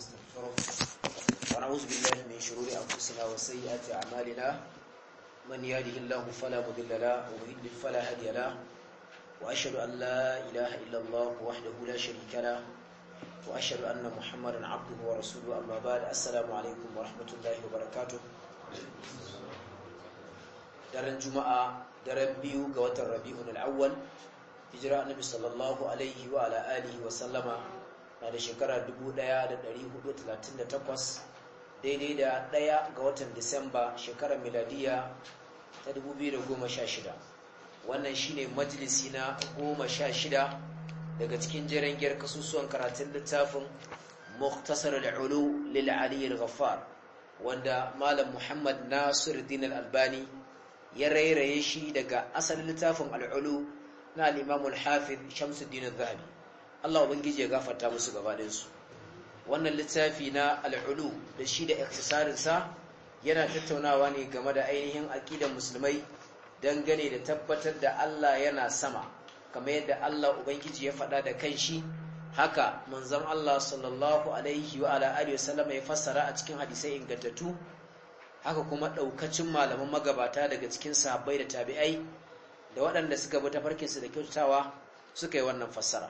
ونستغفره ونعوذ بالله من شرور أنفسنا وسيئات أعمالنا من يهده الله فلا مضل له ومن يضلل فلا هادي له وأشهد أن لا إله إلا الله وحده لا شريك له وأشهد أن محمدا عبده ورسوله أما بعد السلام عليكم ورحمة الله وبركاته daren juma'a daren biyu ga watan rabi'un al'awwal hijira annabi sallallahu alaihi wa ala alihi wa sallama na da shekara 1438 daidai da ɗaya ga watan disamba shekarar miladiya ta 2016 wannan shine majalisi na 16 daga cikin jirangiyar kasusuwan karatun littafin muktasar al'ulu lil'aliyar ghaffar wanda malam muhammad nasir din al'albani ya rairaye shi daga asalin littafin al'ulu na al'imamul hafiz shamsuddin zahabi Allah ubangiji ya gafarta musu gaba su wannan littafi na al'ulu da shi da iktisarin sa yana tattaunawa ne game da ainihin aqidar musulmai dangane da tabbatar da Allah yana sama kamar yadda Allah ubangiji ya faɗa da kanshi haka manzon Allah sallallahu alaihi wa ala alihi wasallam ya fassara a cikin hadisai ingantattu haka kuma daukacin malaman magabata daga cikin sahabbai da tabi'ai da waɗanda suka bi su da kyautatawa suka yi wannan fassara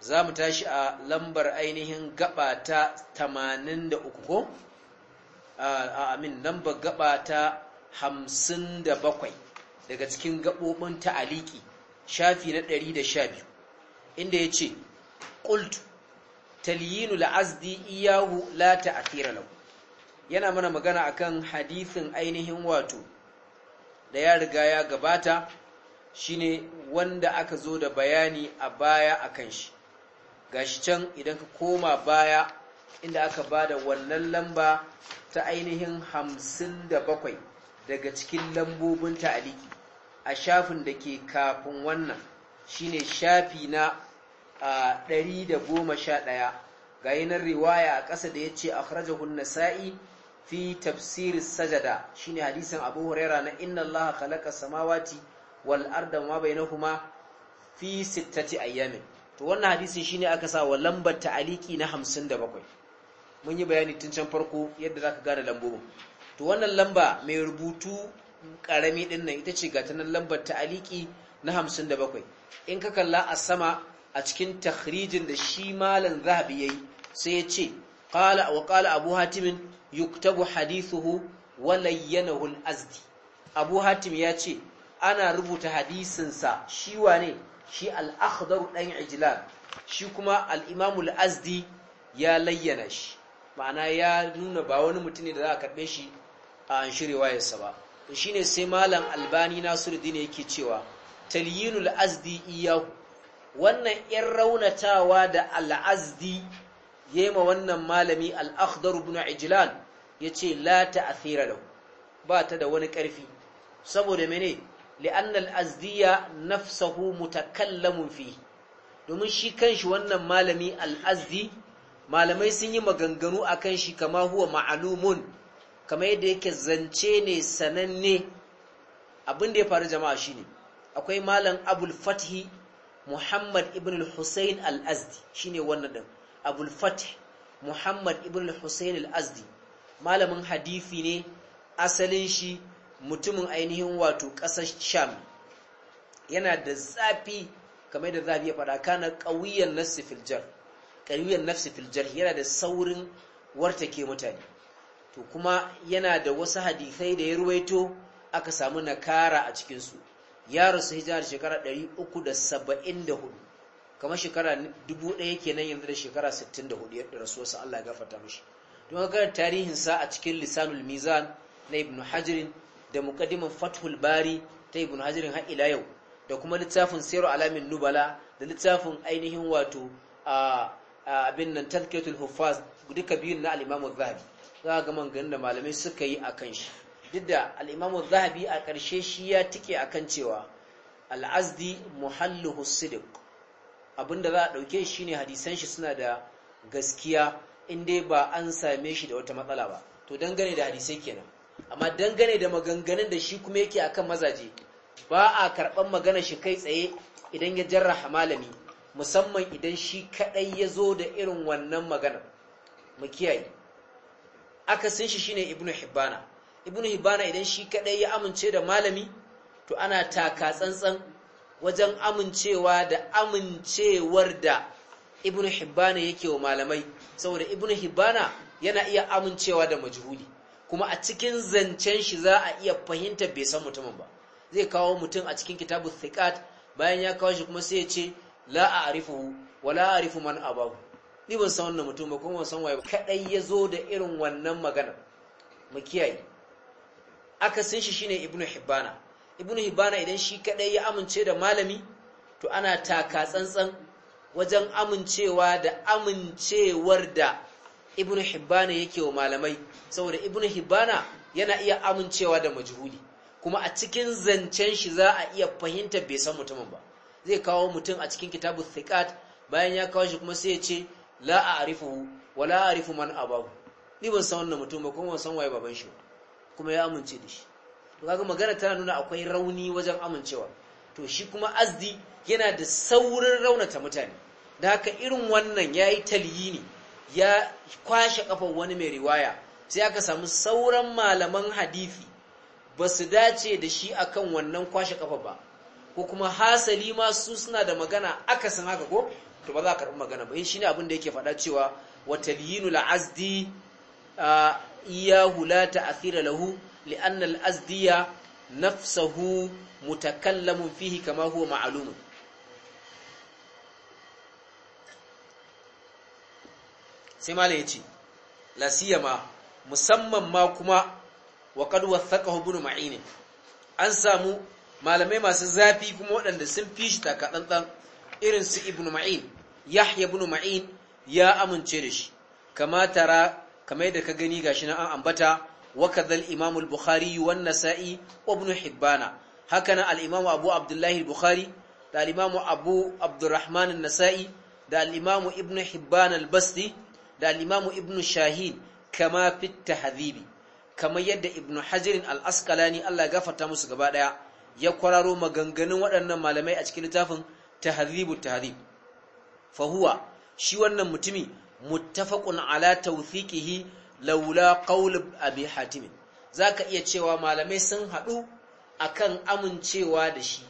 za mu tashi a lambar ainihin gaba ta 83 ko a amin lambar gaba ta 57 daga cikin gabobin ta'aliki shafi na 112 inda ya ce ƙultu talyinu la'azdi iyahu la ta'athira lau yana mana magana akan hadithin ainihin wato da ya riga ya gabata shine wanda aka zo da bayani a baya akan shi gashi can idan ka koma baya inda aka ba da wannan lamba ta ainihin hamsin da bakwai daga cikin lambobin ta'aliki a shafin da ke kafin wannan shine shafi na ɗari da goma sha ɗaya ga yanar riwaya a ƙasa da ya ce a harajahun nasa'i fi tafsirin sajada shine hadisin abu huraira na inna allaha khalaqa samawati wal'ar da ma kuma fi sittati ayyamin to wannan hadisin shine aka sa wa lambar ta'aliki na 57 mun yi bayani tun can farko yadda zaka gane lambobin to wannan lamba mai rubutu karami din nan ita ce ga nan lambar ta'aliki na 57 in ka kalla a sama a cikin takhrijin da shi malan zahabi yayi sai ya ce qala wa qala abu hatim yuktabu hadithuhu wa layyanahu al-azdi abu hatim ya ce ana rubuta hadisin sa shi wane shi al-akhdaru dan shi kuma al-imamul azdi ya layyana shi ma'ana ya nuna ba wani mutum ne da za a karɓe shi a shirewa yasa ba ne sai malam albani nasiruddin yake cewa talyinul azdi iyahu wannan yan raunatawa da al'azdi, ya yi ma wannan malami al-akhdar ibn ya yace la ta'thira lahu ba ta da wani ƙarfi saboda mene لأن الأزدية نفسه nafsahu فيه fi domin shi kanshi wannan malami al-azdi malamai sun yi maganganu akan shi kama huwa ma'alumun kama yadda yake zance ne sananne abin da ya faru jama'a shine akwai malam abul fathi muhammad ibn al-husayn al-azdi shine wannan din abul muhammad ibn al-husayn al-azdi malamin hadifi ne asalin shi mutumin ainihin wato ƙasar sham yana da zafi kamar da zafi ya faɗa kana ƙauyen nafsi filjar ƙauyen nafsi filjar yana da saurin wartake mutane to kuma yana da wasu hadisai da ya ruwaito aka samu nakara a cikinsu ya rasu hijira da shekara 374 kamar shekara 1000 nan yanzu da shekara 64 yadda wasu Allah ya gafarta mashi don haka tarihinsa a cikin lisanul mizan na ibn hajirin da muqaddimin fathul bari ta ibn hajirin har ila yau da kuma littafin sayar alamin nubala da littafin ainihin wato abin nan tazkiyatul huffaz duka biyun na al'imamu zahabi za ga man da malamai suka yi a kan shi duk da al'imamu zahabi a ƙarshe shi ya tike a kan cewa al'azdi muhallu muhalluhu abinda za a ɗauke shi ne hadisan shi suna da gaskiya in ba an same shi da wata matsala ba to dangane da hadisai kenan amma dangane da maganganun da shi kuma yake akan mazaje ba a karɓar magana shi kai tsaye idan ya jarraha malami musamman idan shi kaɗai ya zo da irin wannan magana mu kiyaye akasin shi shine ibnu hibbana ibnu hibbana idan shi kaɗai ya amince da malami to ana taka tsantsan wajen amincewa da amincewar da ibnu hibbana yake wa malamai saboda ibnu hibbana yana iya amincewa da majhuli kuma a cikin zancen shi za a iya fahimta bai san mutumin ba zai kawo mutum a cikin kitabu thiqat bayan ya kawo shi kuma sai ya ce la a'rifuhu wa la a'rifu man abahu ni ban san wannan mutum ba kuma ban san waye ba kadai yazo da irin wannan magana mu kiyaye akasin shi shine ibnu hibbana ibnu hibbana idan shi kadai ya amince da malami to ana taka tsantsan wajen amincewa da amincewar da ibnu hibbana yake wa malamai saboda ibnu hibbana yana iya amincewa da majhuli kuma a cikin zancen shi za a iya fahimta bai san mutumin ba zai kawo mutum a cikin kitabu thiqat bayan ya kawo shi kuma sai ya ce la a'rifuhu wa la a'rifu man abahu ni ban san wannan mutum ba kuma ban san waye baban shi kuma ya amince da shi to kaga magana tana nuna akwai rauni wajen amincewa to shi kuma azdi yana da saurin raunata mutane da haka irin wannan yayi talyini ya kwashe kafar wani mai riwaya sai aka samu sauran malaman hadithi ba su dace da shi akan wannan kwashe kafa ba ko kuma hasali ma su suna da magana aka san haka ko to ba za a karɓi magana ba ne abin da yake faɗa cewa wa talyinul azdi iyahu la asira lahu li'annal azdiya nafsahu mutakallamun fihi kama huwa ma'lumun sai malam ya ce lasiyama musamman ma kuma wa qad wathaqahu ibn ma'in an samu malamai masu zafi kuma waɗanda sun fi shi takaɗanɗan irin su ibn ma'in yahya ibn ma'in ya amince da shi kama tara kamar yadda ka gani gashi na an ambata wa kadhal imam al-bukhari wa an-nasa'i wa ibn hibbana haka na al-imam abu Abdullahi bukhari da al-imam abu abdurrahman an-nasa'i da al-imam ibn hibban al-basti da Limamu, Ibnu Ibn kama fi tahdhibi kamar yadda Ibnu Hajar al-Asqalani Allah ya gafarta musu gaba daya ya kwararo maganganun waɗannan malamai a cikin littafin tahdhibu tahdhib fa huwa shi wannan mutumi muttafaqun ala tawthiqihi laula qawl abi hatim zaka iya cewa malamai sun haɗu akan amincewa da shi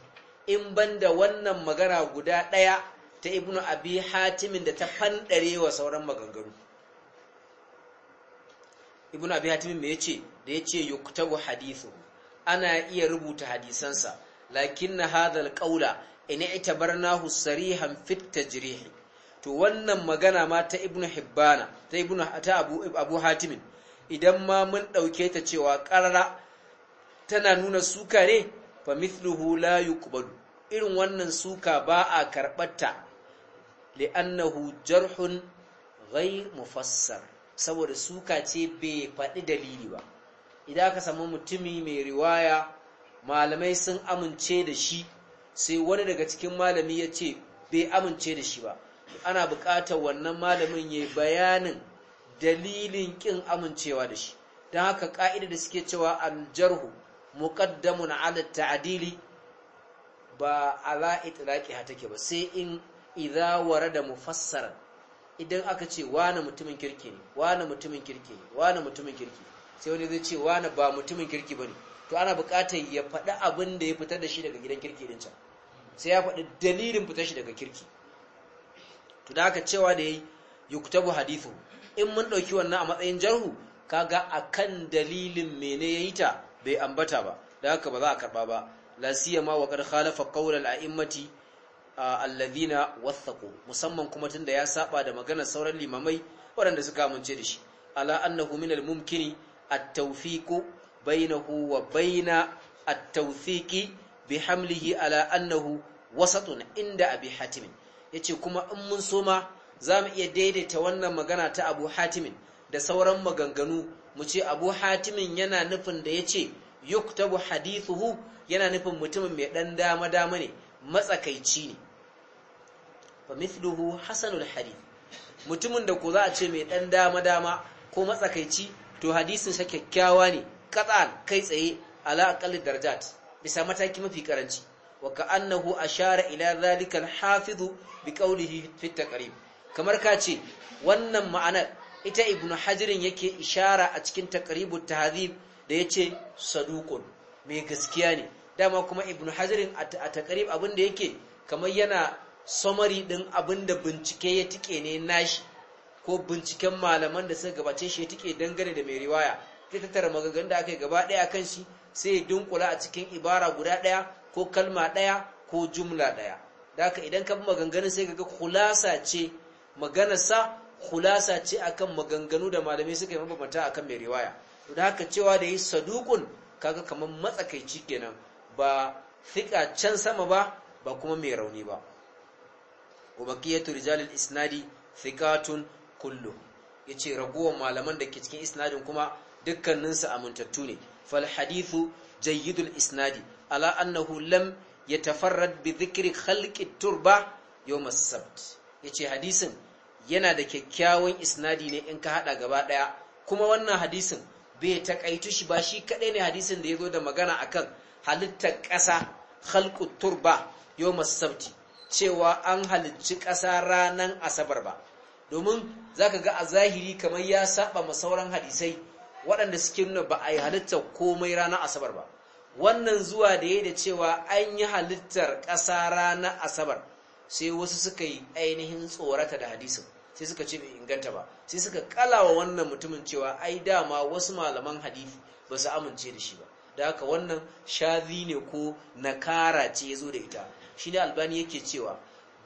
in banda wannan magana guda ɗaya ta ibnu abi hatimin da ta fandare wa sauran maganganu ibnu abi hatimin me yace da yace yuktabu hadithu ana iya rubuta hadisansa lakinna hadha alqawla in i'tabarnahu sarihan fit tajrih to wannan magana ma ta ibnu hibbana ta ibnu ta abu abu hatimin idan ma mun dauke ta cewa qarara tana nuna suka ne fa mithluhu la yuqbalu irin wannan suka ba a karɓarta li'annahu jarhun ghayr mufassar saboda suka ce bai faɗi dalili ba idan ka samu mutumi mai riwaya malamai sun amince da shi sai wani daga cikin malami ya ce bai amince da shi ba ana buƙatar wannan malamin ya bayanin dalilin ƙin amincewa da shi don haka ƙa'ida da suke cewa aljarhu muƙaddamun ala ta'adili ba ala itlaqiha take ba sai in idza warada mufassaran idan aka ce wani mutumin kirki ne wani mutumin kirki ne wani mutumin kirki sai wani zai ce wani ba mutumin kirki bane to ana buƙatar ya faɗi abin da ya fitar da shi daga gidan kirki din can sai ya faɗi dalilin fitar shi daga kirki to da aka cewa da yayi yuktabu hadithu in mun ɗauki wannan a matsayin jarhu kaga akan dalilin mene yayi ta bai ambata ba da haka ba za a karba ba la siyama wa qad khalafa qawl al a'immati alladhina wathaqu musamman kuma tunda ya saba da maganar sauran limamai waɗanda suka amince da shi ala annahu min al-mumkini at-tawfiqu bainahu wa baina at-tawthiqi bihamlihi ala annahu wasatun inda abi hatim yace kuma in mun so ma zamu iya daidaita wannan magana ta abu hatimin da sauran maganganu mu ce abu hatimin yana nufin da yace yuktabu hadithuhu yana nufin mutumin mai dan dama dama ne matsakaici ne fa mithluhu hasanul hadith mutumin da ko za a ce mai dan dama dama ko matsakaici to hadisin sa kyakkyawa ne katsa kai tsaye ala aqall darajat bisa mataki mafi karanci wa ka'annahu ashara ila zalikal al-hafiz bi qawlihi fi taqrib kamar ka ce wannan ma'anar ita ibnu hajirin yake ishara a cikin taqribut tahdhib da yace saduqun mai gaskiya ne dama kuma ibnu hajirin a taqrib abin da yake kamar yana ɗin abin da bincike ya tike ne nashi ko binciken malaman da suka gabace shi ya tike dangane da mai riwaya zai tattara maganganun da aka yi gaba ɗaya kan shi sai ya dunkula a cikin ibara guda ɗaya ko kalma ɗaya ko jumla ɗaya da haka idan ka bi maganganun sai ga kulasa ce maganarsa kulasa ce akan maganganu da malamai suka yi mabambanta akan mai riwaya da haka cewa da yi sadukun kaga kamar matsakaici kenan ba fika can sama ba ba kuma mai rauni ba wa baqiyatu rijal al-isnadi thiqatun kullu yace raguwar malaman da ke cikin isnadin kuma dukkaninsu amintattu ne fal hadithu jayyidul isnadi ala annahu lam yatafarrad bi dhikri khalqi turba yawm as-sabt yace hadisin yana da kyakkyawan isnadi ne in ka hada gaba daya kuma wannan hadisin bai takaitu shi ba shi kadai ne hadisin da yazo da magana akan halittar ƙasa khalqu turba yawm as-sabt cewa an halicci ƙasa ranan asabar ba domin za ka ga a zahiri kamar ya saba ma sauran hadisai waɗanda suke nuna ba a yi halittar komai ranar asabar ba wannan zuwa da ya da cewa an yi halittar ƙasa ranar asabar sai wasu suka yi ainihin tsorata da hadisin sai suka ce bai inganta ba sai suka kalawa wannan mutumin cewa ai dama wasu malaman hadisi ba su amince da shi ba da haka wannan shazi ne ko nakara ce ya zo da ita shi ne albani yake cewa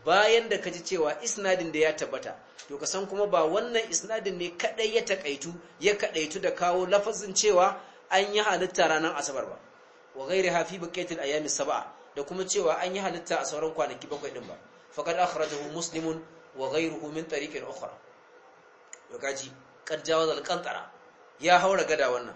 bayan da ka ji cewa isnadin da ya tabbata to ka san kuma ba wannan isnadin ne kadai ya takaitu ya kadaitu da kawo lafazin cewa an yi halitta ranar asabar ba wa ghairi hafi baqatil ayami sab'a da kuma cewa an yi halitta a sauran kwanaki bakwai din ba faqad akhrajahu muslimun wa ghayruhu min tariqin ukhra to kaji qad jawaz al-qantara ya haura gada wannan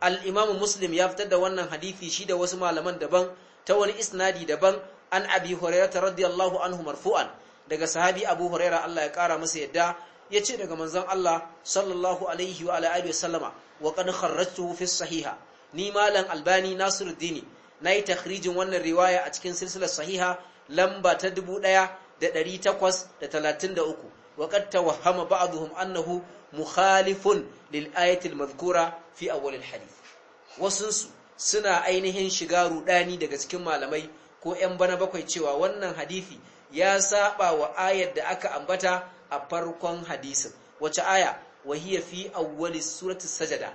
al'imamin imam muslim ya fitar da wannan hadisi shi da wasu malaman daban ta wani isnadi daban an abi hurairata radiyallahu anhu marfu'an daga sahabi abu huraira Allah ya kara masa yadda yace daga manzon Allah sallallahu alaihi wa alihi wasallama wa qad kharrajtuhu fi sahiha ni malam albani nasiruddini nayi takhrijin wannan riwaya a cikin silsilar sahiha lamba ta 1833 wa qad tawahhama ba'dhum annahu mukhalifun lil ayati al fi awwal al hadith wasunsu suna ainihin shiga rudani daga cikin malamai ko ‘yan bana bakwai cewa wannan hadithi ya saba wa ayar da aka ambata a farkon hadisin wace aya wahiyar fi awwali suratun sajada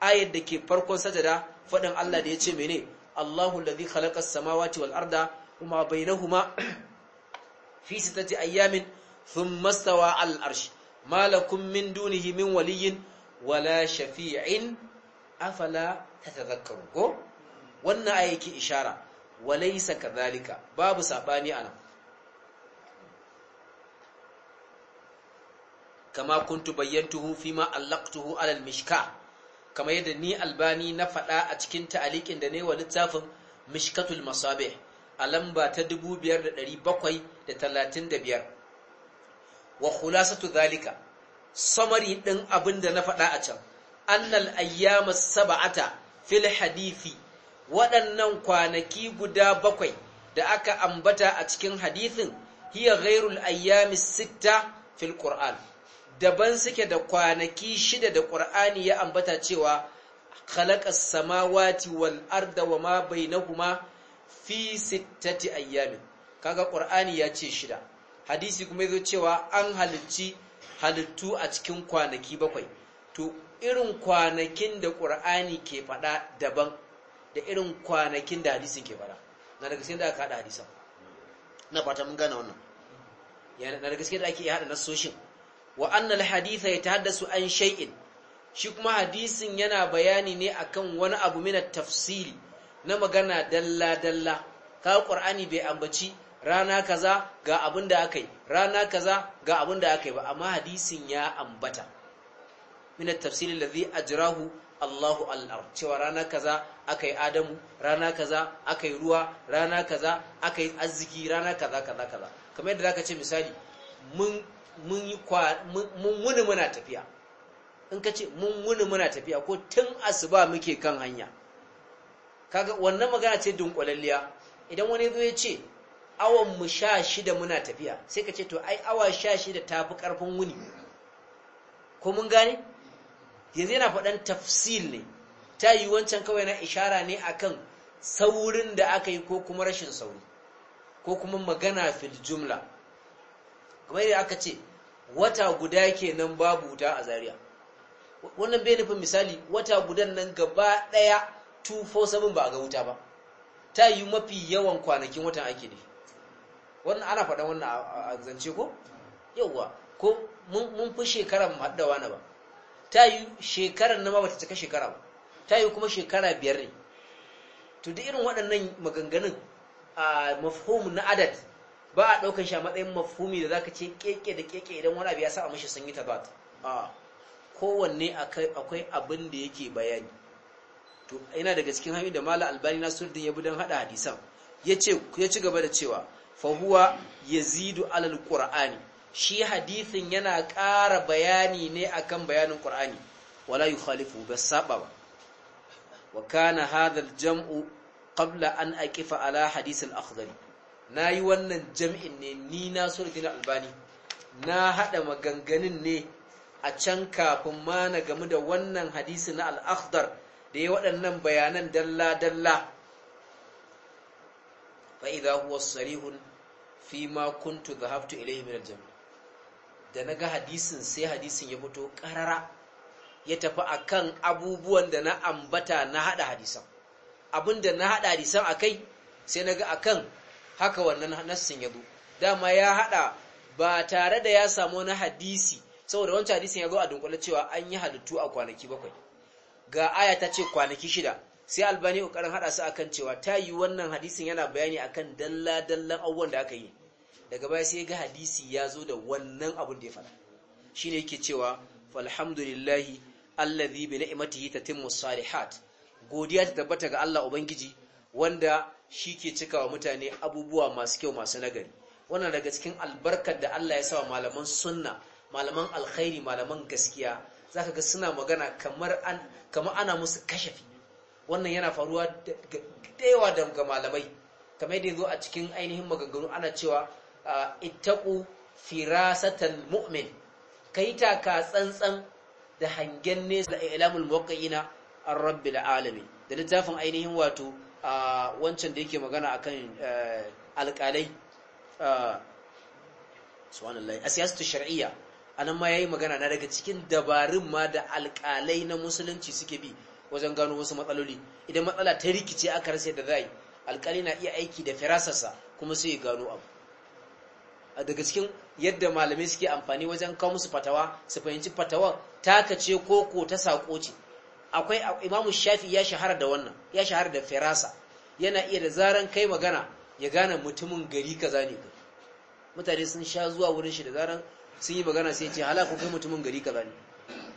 ayar da ke farkon sajada faɗin Allah da ya ce mene Allahu ladhi khalaqa as-samawati wal arda kuma huma fi su ayyamin ce ayyamin sun arsh al’arshi malakun min dunihi min waliyyin wala shafi'in afala ta tatadhakkarun ko wannan ayyaki ishara walaysa kadhalika babu sabani anan kama kuntu bayyantuhu fima allaqtuhu ala alal mishka kama yadda ni albani na faɗa a cikin ta'aliqin da ne wa littafin mishkatul masabih a lamba ta biyar. wa khulasatu dhalika samari din abinda na faɗa a can annal ayyama sab'ata fil hadithi waɗannan kwanaki guda bakwai da aka ambata a cikin hadithin hiya ghairul ayyami sitta fil qur'an daban suke da kwanaki shida da qur'ani ya ambata cewa khalaqas samawati wal arda wama bainahuma fi sittati ayyamin kaga qur'ani ya ce shida hadisi kuma yazo cewa an halicci halittu a cikin kwanaki bakwai to irin kwanakin da qur'ani ke faɗa daban da irin kwanakin da hadisin ke fara na daga sai da aka hada hadisan na fata mun gane wannan na daga sai da ake haɗa nasoshin wa annal haditha yatahaddasu an shay'in shi kuma hadisin yana bayani ne akan wani abu mina tafsili na magana dalla dalla ka qur'ani bai ambaci rana kaza ga abin da akai. rana kaza ga abin da akai ba amma hadisin ya ambata mina tafsili ladhi ajrahu Allahu Allah cewa rana kaza aka yi Adamu rana kaza aka yi ruwa rana kaza aka yi arziki rana kaza kaza kaza kamar yadda zaka ce misali mun mun wuni muna tafiya in ka ce mun wuni muna tafiya ko tun asuba muke kan hanya kaga wannan magana ce dunkulalliya idan wani zo ya ce awan mu sha shida muna tafiya sai ka ce to ai awa sha shida ta fi ƙarfin wuni ko mun gane yanzu yana faɗan tafsil ne ta yi wancan kawai na ishara ne akan saurin da aka yi ko kuma rashin sauri ko kuma magana fil jumla kamar yadda aka ce wata guda kenan babu wuta a Zariya. wannan bai nufin misali wata gudan nan gaba ɗaya 247 ba a ga wuta ba ta yi mafi yawan kwanakin watan ake ne wannan ana faɗa wannan a zance ko yauwa ko mun fi shekaran haɗawa na ba ta yi shekarar na ba ta cika shekara ba ta yi kuma shekara biyar ne to duk irin waɗannan maganganun a na adad ba a ɗaukar shi a matsayin mafhumi da za ka ce keke da keke idan wani abu ya sa a mashi sanyi ta zata a kowanne akwai abin da yake bayani to yana daga cikin hami da mala albani na surdin ya bi don haɗa hadisan ya ci gaba da cewa fahuwa yazidu alal ƙura'ani shi hadisin yana ƙara bayani ne akan bayanin Ƙur'ani. wala yukhalifu bas saba ba wa kana hadal jamu qabla an aqifa ala hadith al-akhdari nayi wannan jam'in ne ni na albani na hada maganganun ne a can kafin ma na gamu da wannan hadisi na al-akhdar da ya waɗannan bayanan dalla dalla fa idha huwa sarihun fi ma kuntu dhahabtu ilayhi min al-jam' da na ga hadisin sai hadisin ya fito karara ya tafi akan abubuwan da na ambata na haɗa hadisan abinda na haɗa hadisan a kai, sai na ga akan haka wannan nassin ya zo dama ya haɗa ba tare da ya samu na hadisi saboda wancan hadisin ya zo a dunkule cewa an yi halittu a kwanaki bakwai ga aya ta ce kwanaki shida sai albani ƙoƙarin haɗa su akan cewa ta yi wannan hadisin yana bayani akan dalla-dallan abubuwan da aka yi daga baya sai ga hadisi ya zo da wannan abin da ya faɗa shine yake cewa falhamdulillahi allazi bi ni'matihi tatimmu salihat godiya ta tabbata ga Allah ubangiji wanda shi ke cikawa mutane abubuwa masu kyau masu nagari wannan daga cikin albarkar da Allah ya sa malaman sunna malaman alkhairi malaman gaskiya zaka ga suna magana kamar an kamar ana musu kashafi wannan yana faruwa da yawa da malamai kamar yadda yazo a cikin ainihin maganganu ana cewa ittaku firasatal mu'min kai taka tsantsan da hangen nesa da ilamul muwaqqi'ina ar-rabbil alamin da littafin ainihin wato wancan da yake magana akan alƙalai subhanallahi asiyasatu shar'iyya anan ma yayi magana na daga cikin dabarun ma da alƙalai na musulunci suke bi wajen gano wasu matsaloli idan matsala ta rikice aka rasa da zai alƙali na iya aiki da firasarsa kuma sai ya gano abu daga cikin yadda malamai suke amfani wajen kawo musu fatawa su fahimci fatawar takace ko ko ta sako ce akwai imamu shafi ya shahara da wannan ya shahara da firasa yana iya da zaran kai magana ya gane mutumin gari kaza ne mutane sun sha zuwa wurin shi da zaran sun yi magana sai ce hala kai mutumin gari kaza ne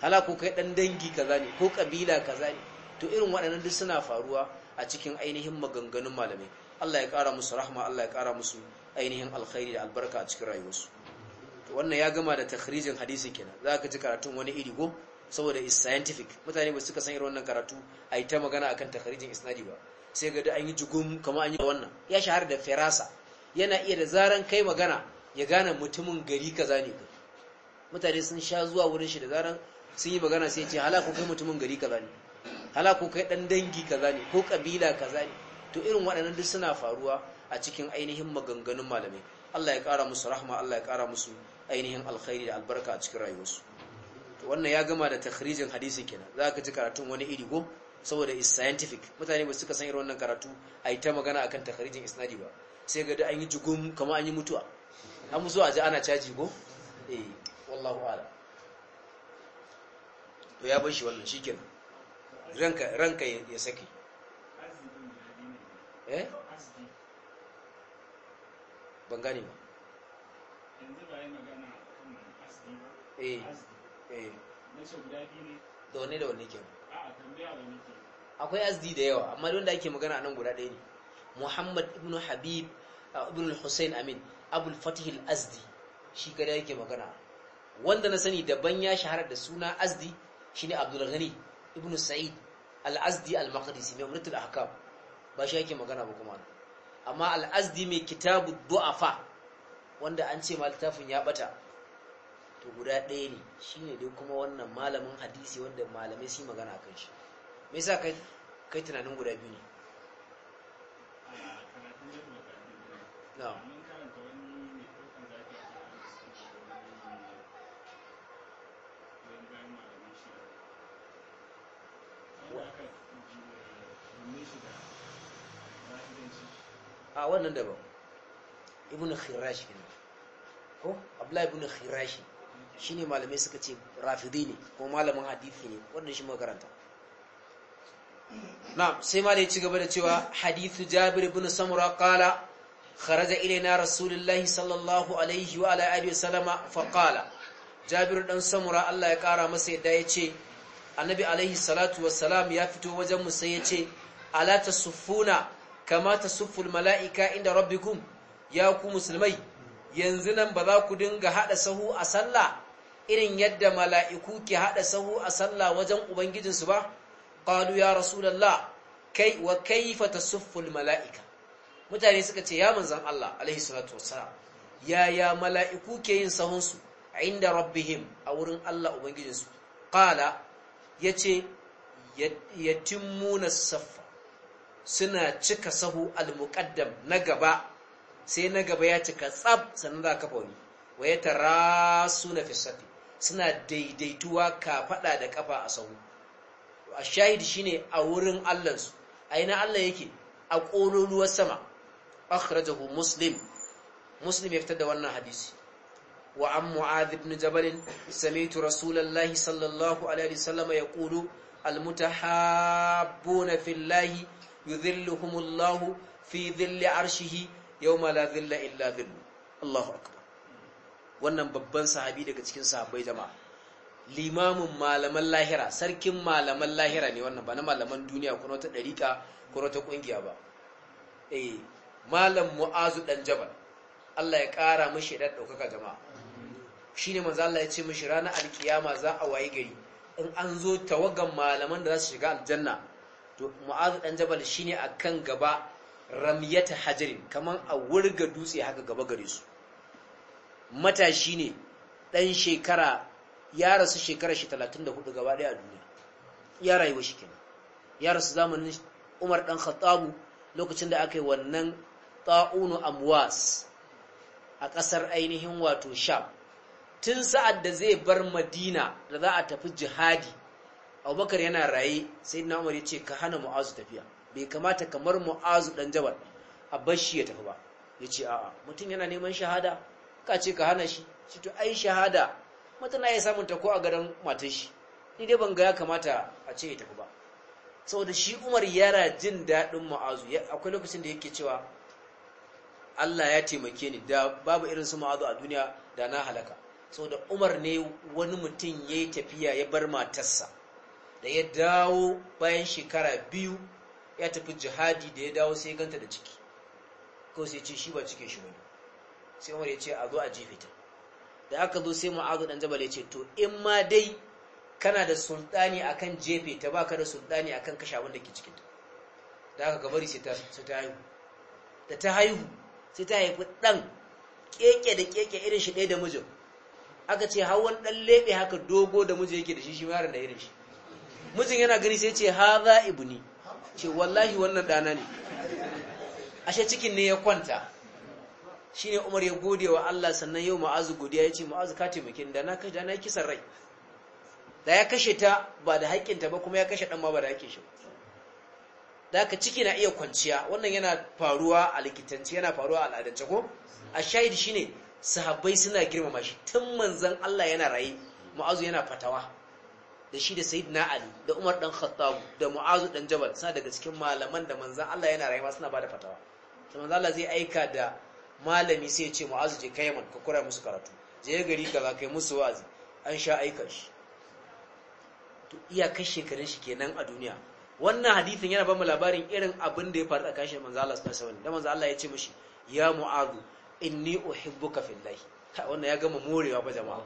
hala kai dan dangi kaza ne ko kabila kaza ne to irin waɗannan duk suna faruwa a cikin ainihin maganganun malamai Allah ya ƙara musu rahma Allah ya ƙara musu ainihin alkhairi da albarka a cikin rayuwarsu to wannan ya gama da takhrijin hadisi kenan za ka ji karatun wani iri go saboda is scientific mutane ba su ka san irin wannan karatu a yi ta magana akan takhrijin isnadi ba sai ga da an yi jugum kamar an yi wannan ya shahara da firasa yana iya da zaran kai magana ya gane mutumin gari kaza ne ka mutane sun sha zuwa wurin shi da zaran sun yi magana sai ce hala ko kai mutumin gari kaza ne hala ko kai dan dangi kaza ne ko kabila kaza ne to irin waɗannan duk suna faruwa a cikin ainihin maganganun malamai Allah ya ƙara musu rahma Allah ya ƙara musu ainihin alkhairi da albarka a cikin rayuwarsu wannan ya gama da takhrijin hadisi kenan za ka ji karatun wani iri go saboda is scientific mutane ba suka san irin wannan karatu a yi ta magana akan takhrijin isnadi ba sai ga da an yi jugum kamar an yi mutuwa an musu a ji ana caji go eh wallahu ala to ya bar shi wannan shikenan ranka ranka ya saki eh ban gani ba yanzu ba yi magana kan ba eh eh guda biyu da da tambaya da akwai asdi da yawa amma don da ake magana nan guda ɗaya ne muhammad ibnu habib ibn hussein amin abul fatih al-azdi shi kada yake magana wanda na sani daban ya shahara da suna asdi shine abdul ghani ibn sa'id al-azdi al-maqdisi mai umratul ahkam ba shi yake magana ba kuma amma al'azdi mai kitabu du'afa wanda an ce littafin ya bata to guda ɗaya ne shine dai kuma wannan malamin hadisi wanda malamai su magana kan shi me yasa kai tunanin guda biyu ne a wannan daban ibn khirashi ne ko abdullahi ibn khirashi shine malamai suka ce rafidi ne ko malamin hadisi ne wanda shi makaranta na'am sai malai ci gaba da cewa hadithu jabir ibn samura qala kharaja ilaina rasulullahi sallallahu alaihi wa ala alihi wasallama fa qala jabir dan samura Allah ya kara masa yadda yace annabi alaihi salatu wassalam ya fito wajen mu sai yace ala tasuffuna kama tasuffu mala'ika inda rabbikum ya ku musulmai yanzu nan ba za ku dinga hada sahu a sallah irin yadda mala'iku ke hada sahu a sallah wajen ubangijinsu ba qalu ya rasulullah kai wa kaifa tasuffu mala'ika mutane suka ce ya manzan Allah alaihi salatu yaya mala'iku ke yin sahunsu inda rabbihim a wurin Allah ubangijinsu kala yace yatimmuna saffa suna cika sahu al-muqaddam na gaba sai na gaba ya cika tsab sannan za ka fauni wa ya tarasuna fi suna daidaituwa ka fada da kafa a sahu a shahid shine a wurin allansu a ina allah yake a ƙololuwar sama akhrajahu muslim muslim ya fitar da wannan hadisi wa an mu'adh ibn jabal sami'tu rasulullahi sallallahu alaihi wasallam yaqulu al-mutahabbuna fillahi yudhilluhumullahu fi dhilli arshihi yawma la dhilla illa dhillu Allahu akbar wannan babban sahabi daga cikin sahabbai jama'a limamin malaman lahira sarkin malaman lahira ne wannan ba na malaman duniya ko ta dariƙa ko ta kungiya ba eh malam mu'azu dan jabal Allah ya ƙara mishi da daukaka jama'a shine manzo Allah ya ce mishi ranar alkiyama za a waye gari in an zo tawagan malaman da za su shiga aljanna to mu'azu dan jabal shine akan gaba ramyata hajarin kaman a wurga dutse haka gaba gare su matashi ne dan shekara ya rasu shekara shi 34 gaba daya a duniya ya rayuwa shi kenan ya rasu zamanin Umar dan Khattabu lokacin da aka yi wannan ta'unu amwas a ƙasar ainihin wato Sham tun sa'ad da zai bar Madina da za a tafi jihadi abubakar yana raye sai na umar ya ce ka hana mu'azu tafiya bai kamata kamar mu'azu dan jabal a bashi ya tafi ba ya ce a'a mutum yana neman shahada ka ce ka hana shi shi to ai shahada matana ya samun ta ko a garin matan shi ni dai ban ga ya kamata a ce ya tafi ba saboda shi umar yana jin daɗin mu'azu akwai lokacin da yake cewa Allah ya taimake ni da babu irin su ma'azu a duniya da na halaka saboda umar ne wani mutum ya yi tafiya ya bar matarsa da ya dawo bayan shekara biyu ya tafi jihadi da ya dawo sai ganta da ciki ko sai ce shi ba cikin shi wani sai umar ya ce a zo a jefe ta da aka zo sai ma'azu dan jabal ya ce to in ma dai kana da sultani akan jefe ta baka da sultani akan kashe abin da ke cikin ta da aka gabari sai ta sai ta haihu da ta haihu sai ta haifi dan keke da keke irin shi ɗaya da mijin aka ce hawan dan lebe haka dogo da mijin yake da shi shi ma yaron da irin shi mijin yana gani sai ce 'Ha haza ibini ce wallahi wannan dana ne ashe cikin ne ya kwanta Shi ne Umar ya gode wa Allah sannan yau ma'azu godiya ya ce, 'Ma'azu ka taimakin da na kashe dana ya kisan rai da ya kashe ta ba da haƙƙin ba kuma ya kashe ɗan ma ba da haƙƙin shi da ka ciki na iya kwanciya wannan yana faruwa a likitanci yana faruwa a al'adance ko a shi shine sahabbai suna girmama shi tun manzon Allah yana raye Ma'azu yana fatawa da shi da na ali da umar dan khattab da mu'azu dan jabal suna daga cikin malaman da manzon Allah yana rayuwa suna bada fatawa to manzon Allah zai aika da malami sai ya ce mu'azu je kai man ka kura musu karatu je gari ka kai musu wazi an sha aika shi to shekarun shi kenan a duniya wannan hadisin yana ba mu labarin irin abin da ya faru a kashe manzon Allah sallallahu alaihi wasallam da manzon Allah ya ce mishi ya mu'azu inni uhibbuka fillahi wannan ya gama morewa ba jama'a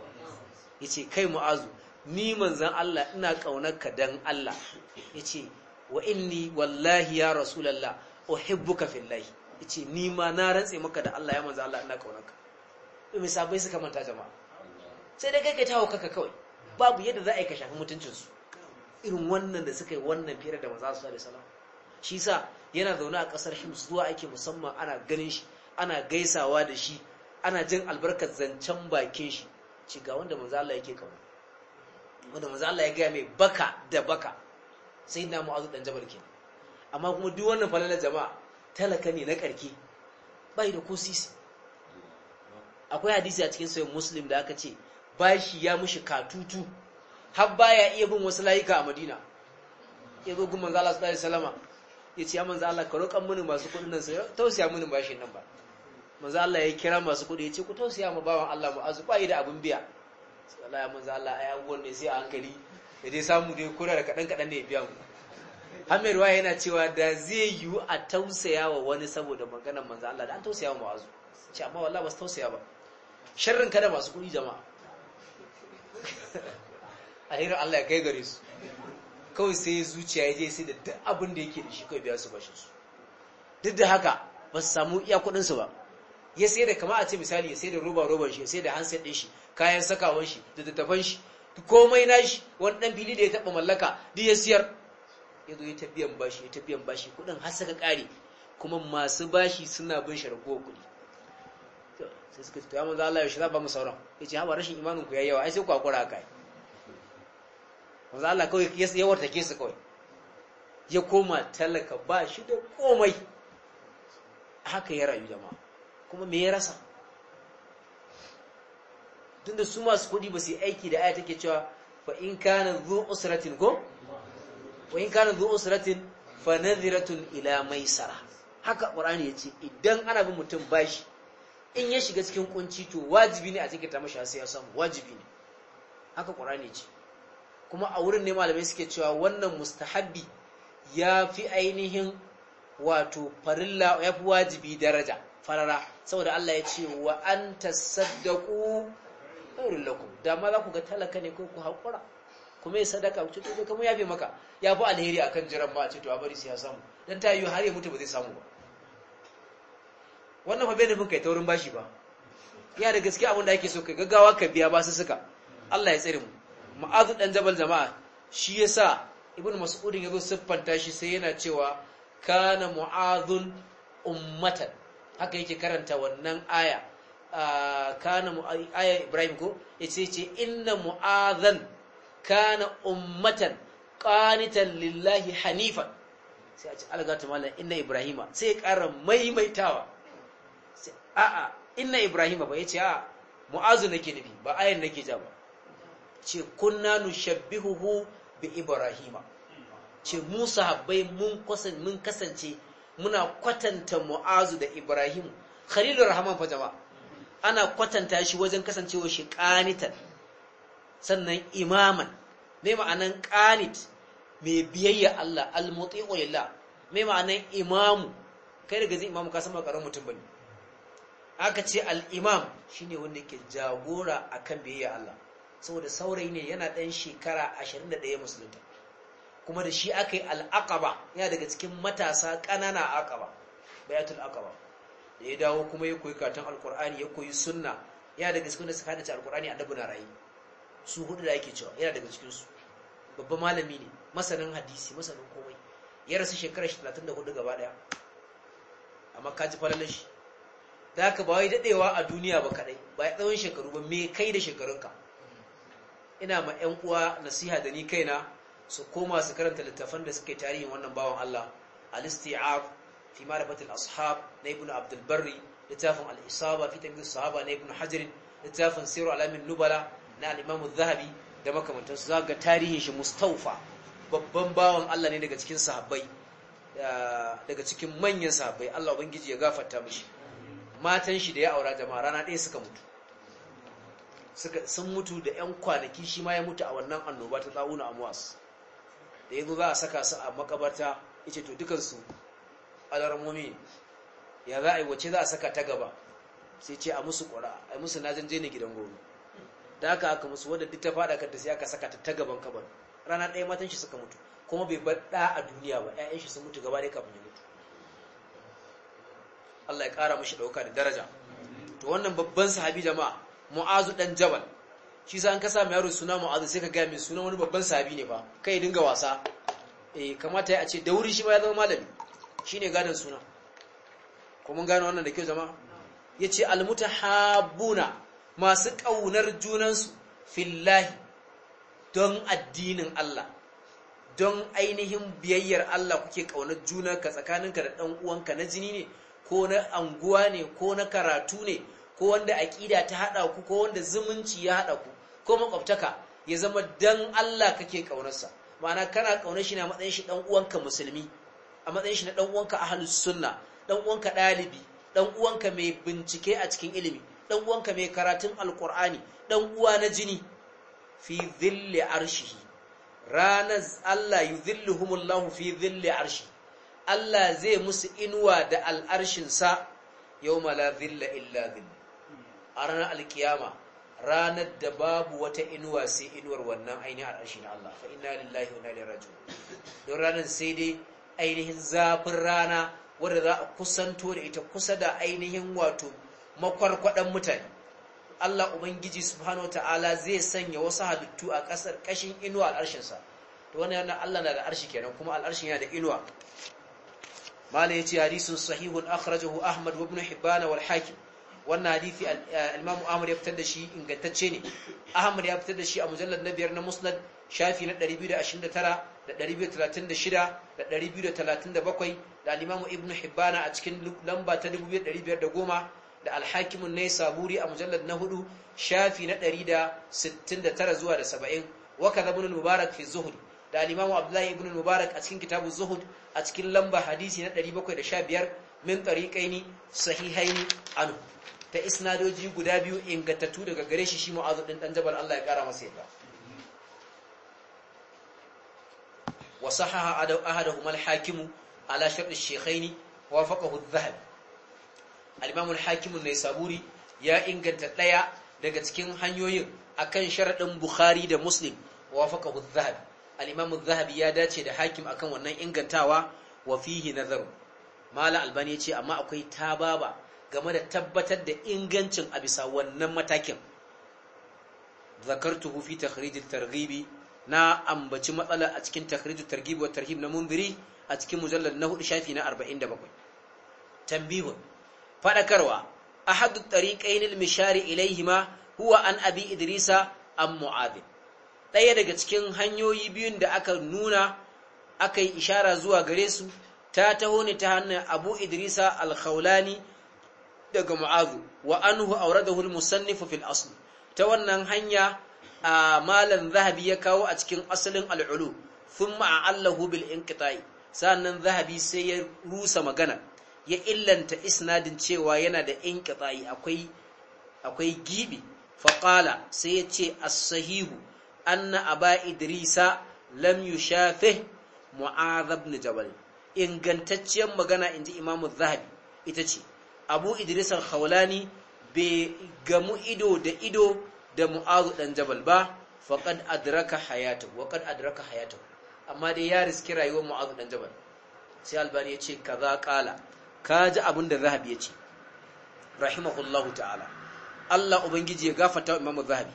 yace kai mu'azu ni manzan Allah ina ka dan Allah yace wa inni wallahi ya rasulullah uhibbuka fillahi yace ni ma na rantse maka da Allah ya manzan Allah ina kaunarka to me sabai suka manta jama'a sai dai kai ta hauka ka kawai babu yadda za a yi ka shafi mutuncin su irin wannan da suka yi wannan fira da manzan sallallahu alaihi wasallam shi sa yana zaune a kasar Hims zuwa ake musamman ana ganin shi ana gaisawa da shi ana jin albarkar zancen bakin shi ci ga wanda manzo Allah yake kauna wanda maza Allah ya gaya mai baka da baka sai na mu'azu dan jabar ke. amma kuma duk wannan falalar jama'a talaka ne na karke bai da ko sisi akwai hadisi a cikin sayan muslim da aka ce bashi ya mushi katutu har ya iya bin wasu layuka a madina ya zo gun manzo Allah sallallahu alaihi wasallama ya ce ya manzo Allah ka roƙan mini masu kuɗin nan sai tausaya mini bashin nan ba Manza Allah ya kira masu kuɗi ya ce ku tausaya ma bawan Allah mu'azu ba da abin biya sallallahu alaihi wasallam Allah ai abubuwan ne sai a hankali da dai samu dai kura da kadan kadan ne biya mu Hamid Waya yana cewa da zai yi a tausaya wa wani saboda maganar manzo Allah da an tausaya wa ma'azu ce amma wallahi ba su tausaya ba sharrin kada masu kuɗi jama'a A alherin Allah ya kai gare su kawai sai zuciya ya je sai da duk abin da yake da shi kawai biya su bashin su duk da haka ba su samu iya kuɗinsu ba ya sai da kama a ce misali ya sai da roba roban shi ya sai da handset din shi kayan sakawan shi da tattafan shi komai nashi wani dan fili da ya taba mallaka duk ya siyar ya zo ya tafiyan bashi ya tafiyan bashi kudin har saka kare kuma masu bashi suna bin shi ragowar kudi sai suka ce to ya manzo Allah ya shirya ba mu sauran ya ce haba rashin imanin ku yayi yawa ai sai ku hakura haka manzo Allah kawai ya wartake su kawai ya koma talaka ba shi da komai haka ya rayu jama'a kuma me ya rasa tunda su masu kudi ba su yi aiki da aya take cewa fa in kana zu usratin ko wa in kana zu usratin fa nadhiratun ila maisara haka qur'ani ce, idan ana bin mutum bashi in ya shiga cikin kunci to wajibi ne a take ta mashi sai ya samu wajibi ne haka qur'ani ce. kuma a wurin ne malamai suke cewa wannan mustahabbi ya fi ainihin wato farilla ya fi wajibi daraja farara saboda Allah ya ce wa an tasaddaqu khairul lakum da ma za ku ga talaka ne ko ku hakura kuma ya sadaka ku ce kuma yafe maka ya fi alheri akan jiran ba a ce to a bari sai ya samu dan ta yi har ya mutu ba zai samu ba wannan fa bai nufin kai taurin bashi ba ya da gaskiya abin da ake so kai gaggawa ka biya ba su suka Allah ya tsare mu ma'azu dan jabal jama'a shi yasa ibnu mas'udin zo siffanta shi sai yana cewa kana ma'azun ummatan haka yake karanta wannan aya kana aya ibrahim ko yace ce inna mu'adhan kana ummatan qanitan lillahi hanifan sai a ce algatu mallan inna ibrahima sai ya ƙara maimaitawa a'a inna ibrahima ba yace a'a mu'azu nake nufi ba ayan nake ja ba ce kunna nushabbihuhu bi ibrahima ce Musa bai mun kasance muna kwatanta mu'azu da ibrahim khalilur rahman fa jama'a ana kwatanta shi wajen kasancewa shi qanitan sannan imaman me ma'anan qanit mai biyayya Allah almuti'u lillah me ma'anan imamu kai daga zai imamu ka san ba mutum bane aka ce al-imam shine wanda yake jagora akan biyayya Allah saboda saurayi ne yana dan shekara 21 musulunta kuma da shi aka yi al'aqaba yana daga cikin matasa ƙanana aqaba bayatul aqaba da ya dawo kuma ya koyi katon alkur'ani ya koyi sunna yana daga cikin da suka hada alkur'ani a dabbuna rayu. su hudu da yake cewa yana daga cikin su babban malami ne masanin hadisi masanin komai ya rasu shekarar 34 gaba daya amma ka ji falalar shi da haka ba wai dadewa a duniya ba kadai ba ya tsawon shekaru ba me kai da shekarunka ina ma yan uwa nasiha da ni kaina su koma su karanta littafan da suke tarihin wannan bawan Allah al-isti'ab fi ma'rifati al-ashab na ibnu abdul barri littafin al-isaba fi tamyiz sahaba na ibnu hajar littafin sirru alamin nubala na al-imam zahabi da makamantan su zaka tarihin shi mustawfa babban bawan Allah ne daga cikin sahabbai daga cikin manyan sahabbai Allah ubangiji ya gafarta mishi matan shi da ya aura jama'a rana ɗaya suka mutu sun mutu da ƴan kwanaki shi ma ya mutu a wannan annoba ta tsawuna amwas da yanzu za a saka su a makabarta ita to dukansu alarmomi ya za a yi wace za a saka ta gaba sai ce a musu kura a musu na jini gidan goro da aka aka musu wadda duk ta faɗa kanta sai aka saka ta ta gaban kabar rana ɗaya matan shi suka mutu kuma bai bar ɗa a duniya ba ‘ya'yan shi sun mutu gaba ɗaya kafin ya mutu Allah ya ƙara mashi ɗauka da daraja to wannan babban sahabi jama'a mu'azu ɗan jabal shi sa an kasa mai yaro suna mu'azu sai ka gaya mai suna wani babban sabi ne ba kai dinga wasa eh kamata ya ce da wuri shi ma ya zama malami shine gadon suna ko mun gano wannan da kyau jama'a yace Habuna, masu kaunar junansu fillahi don addinin Allah don ainihin biyayyar Allah kuke kaunar juna ka tsakaninka da dan uwanka na jini ne ko na anguwa ne ko na karatu ne ko wanda aƙida ta haɗa ku ko wanda zumunci ya haɗa ku ko makwabtaka ya zama dan Allah kake kaunarsa ma'ana kana kaunar shi na matsayin shi dan uwanka musulmi a matsayin shi na dan uwanka ahlus sunna dan uwanka dalibi dan uwanka mai bincike a cikin ilimi dan uwanka mai karatun alqur'ani dan uwa na jini fi dhilli arshihi ranar Allah yuzilluhumullahu fi dhilli arshihi Allah zai musu inuwa da al'arshinsa yawma la dhilla illa zilla a ranar alkiyama ranar da babu wata inuwa sai inuwar wannan ainihin al'arshi na Allah fa ina lillahi wa inna ilaihi don ranar sai dai ainihin zafin rana wadda za a kusanto da ita kusa da ainihin wato makwarkwadan mutane Allah ubangiji subhanahu ta'ala zai sanya wasu halittu a kasar kashin inuwa al'arshin sa to wannan yana Allah na da arshi kenan kuma al'arshin yana da inuwa malai yace hadisin sahihun akhrajahu Ahmad ibn Hibban wal Hakim wannan hadisi eh, al-Imam Ahmad ya fitar da shi ingantacce ne Ahmad ya fitar da shi a mujallad na biyar na Musnad shafi na 229 da 236 da 237 da al-Imam Ibn Hibban a cikin lamba ta 2510 da al-Hakim an-Naisaburi a mujallad na hudu shafi na 169 zuwa da 70 wa kadha ibn al-Mubarak fi Zuhud da al-Imam Abdullah ibn al-Mubarak a cikin kitabu Zuhud a cikin lamba hadisi na 715 min tariqaini sahihaini anhu ta isnadoji guda biyu ingantattu daga gare shi shi mu'azu din dan jabal Allah ya kara masa yadda wasu sahaha ahaduhuma al-hakim ala shart al wa wafaqahu zahab dhahabi hakim ya inganta ɗaya daga cikin hanyoyin akan sharaɗin bukhari da muslim wa wafaqahu adh-dhahabi al ya dace da hakim akan wannan ingantawa wa fihi nazar mala albani yace amma akwai tababa game da tabbatar da ingancin a bisa wannan matakin zakartuhu fi takhrijil targhibi na ambaci matsala a cikin takhrijil targhibi wa tarhib na munziri a cikin mujallal na hudu shafi na 47 tambihun fadakarwa ahadu tariqain al-mishari ilayhima huwa an abi idrisa am mu'adh daya daga cikin hanyoyi biyun da aka nuna aka yi ishara zuwa gare su ta taho ne ta hannun abu idrisa al-khawlani daga mu'azu wa anhu awradahu al-musannif fil asl ta wannan hanya malam zahabi ya kawo a cikin asalin al-ulu thumma allahu bil inqita'i sannan zahabi sai ya rusa magana ya illanta isnadin cewa yana da inqita'i akwai akwai gibi qala sai ya ce as-sahihu anna aba idrisa lam yushafih mu'adh ibn jabal ingantacciyar magana inji imamu zahabi ita ce abu idris al-khawlani bai gamu ido da ido da mu'azu dan jabal ba faqad adraka hayatu wa adraka hayatu amma dai ya riski rayuwar mu'azu dan jabal sai albani ya ce kaza kala kaji abin da zahabi ya ce rahimahullahu ta'ala Allah ubangiji ya gafarta wa imamu zahabi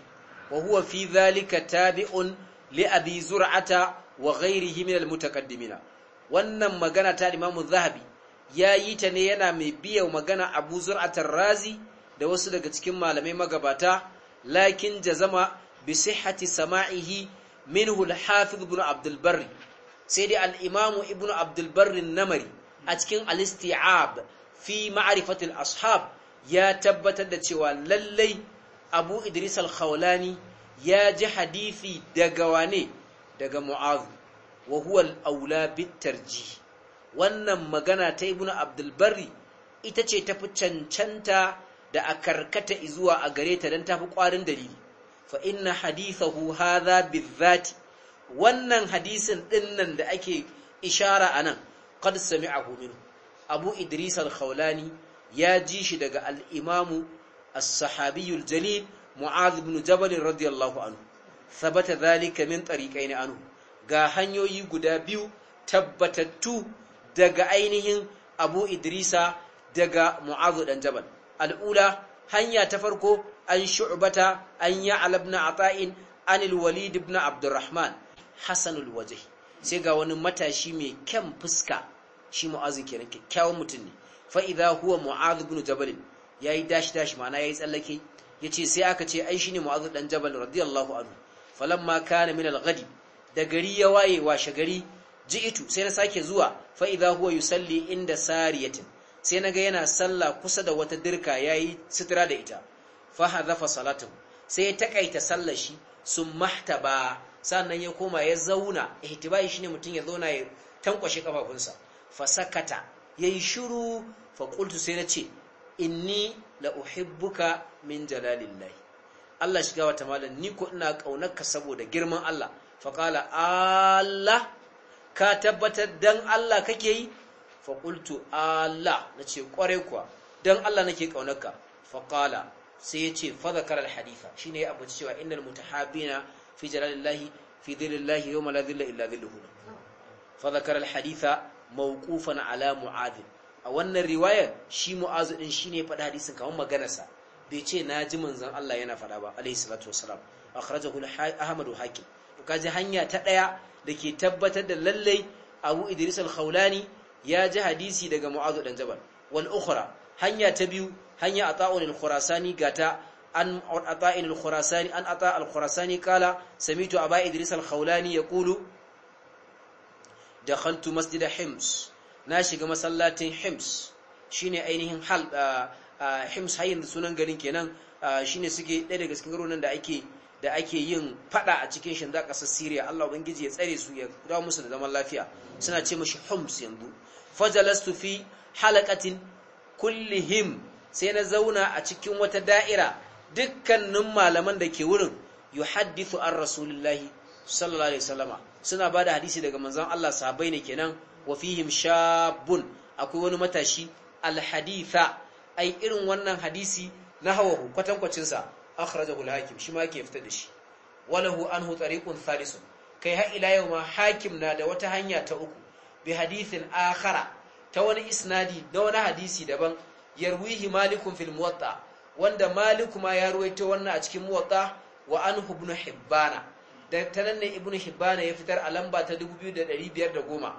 wa huwa fi zalika tabi'un li abi zur'ata wa ghayrihi min al-mutaqaddimina wannan magana ta imamu zahabi ya yi ta ne yana mai biya magana abu zur'atar razi da wasu daga cikin malamai magabata lakin jazama bi sihati sama'ihi minhu al-hafiz ibn abdul barri sai dai al-imam ibn abdul barri namari a cikin al-isti'ab fi ma'rifati al-ashab ya tabbatar da cewa lallai abu idris al-khawlani ya ji hadisi daga wane daga mu'adh wa huwa al-aula bit tarjih wannan magana ta ibnu abdulbari ita ce tafi cancanta da a karkata zuwa a gare ta don tafi kwarin dalili fa inna hadithahu hadha bizzati wannan hadisin dinnan da ake ishara anan qad sami'ahu minhu abu idris al-khawlani ya ji shi daga al-imamu as jalil mu'adh ibn jabal radiyallahu anhu thabata dhalika min tariqayn anhu ga hanyoyi guda biyu tabbatattu daga ainihin abu idrisa daga mu'azu dan jabal al'ula hanya ta farko an shu'bata an yi ibn ata'in anil al-walid ibn abdurrahman hasanul sai ga wani matashi mai kyan fuska shi mu'azu kenan kyakkyawan mutum ne fa idha huwa mu'azu ibn jabal yayi dashi dashi ma'ana yayi tsallake yace sai aka ce ai shine mu'azu dan jabal radiyallahu anhu falamma kana min al-ghadi da gari ya waye washe gari ji'itu sai na sake zuwa fa idza huwa yusalli inda sariyatin sai na ga yana sallah kusa da wata dirka yayi sitira da ita fa hadhafa salatuhu sai ya takaita sallar shi sumahtaba sannan ya koma ya zauna ihtibai shine mutun ya zauna ya tankwashe kafafunsa fa sakata yayi shiru fa qultu sai na ce inni la uhibbuka min jalalillahi Allah shiga wata malam ni ko ina kaunarka saboda girman Allah fa qala Allah ka tabbatar dan Allah kake yi fa qultu Allah nace kware kuwa dan Allah nake kaunarka fa qala sai yace fa zakara alhaditha shine abu cewa innal mutahabbina fi jalalillahi fi dhillahi yawma la dhilla illa dhilluhu fa zakara alhaditha mawqufan ala mu'adh a wannan riwayar shi mu'azu din shine faɗa hadisin kamar maganarsa bai ce na ji manzon Allah yana faɗa ba alayhi salatu wassalam akhrajahu ahmad hakim to kaji hanya ta daya da ke tabbatar da lallai abu idris al-khawlani ya ji hadisi daga mu'azu dan jabal wal ukhra hanya ta biyu hanya ata'un al-khurasani gata an ata'in al-khurasani an ata al-khurasani kala samitu aba idris al-khawlani yaqulu dakhaltu masjid hims na shiga masallatin hims shine ainihin hal ah, ah, hims hayin sunan garin kenan ah, shine suke ɗaya daga cikin garunan da ake da ake yin fada a cikin shi da ƙasar Syria Allah ubangiji ya tsare su ya dawo musu da zaman lafiya suna ce mashi Homs yanzu fajalastu fi halaqatin kullihim sai na zauna a cikin wata da'ira dukkanin malaman da ke wurin yuhaddithu ar rasulullahi sallallahu alaihi wasallama suna bada hadisi daga manzon Allah sahabbai ne kenan wa fihim shabun akwai wani matashi Al-haditha ai irin wannan hadisi na hawa kwatankwacin sa akhrajahu al-hakim shi ma ke fita da shi walahu anhu tariqun thalithun kai har ila yau ma hakim na da wata hanya ta uku bi hadithin akhara ta wani isnadi da wani hadisi daban yarwihi malikun fil muwatta wanda maliku ma ya ruwaito wannan a cikin muwatta wa anhu ibn hibbana da tanan ne ibn hibbana ya fitar a lamba ta 2510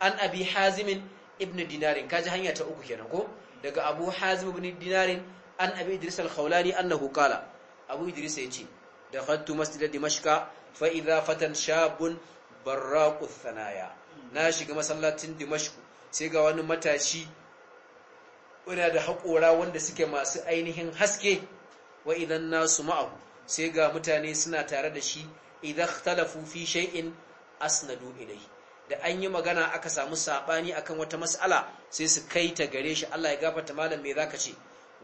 an abi hazim ibn dinarin kaji hanya ta uku kenan ko daga abu hazim ibn dinarin an abi idris al-khawlani annahu qala abu idris ya ce da hattu masjidar dimashka fa'iza fatan shabun barraƙu sanaya na shiga masallacin dimashku sai ga wani matashi wadda da haƙora wanda suke masu ainihin haske wa idan nasu ma'ahu sai ga mutane suna tare da shi idan talafu fi shay'in asnadu ilai da an yi magana aka samu saɓani akan wata mas'ala sai su kai ta gare shi Allah ya gafarta malam me zaka ce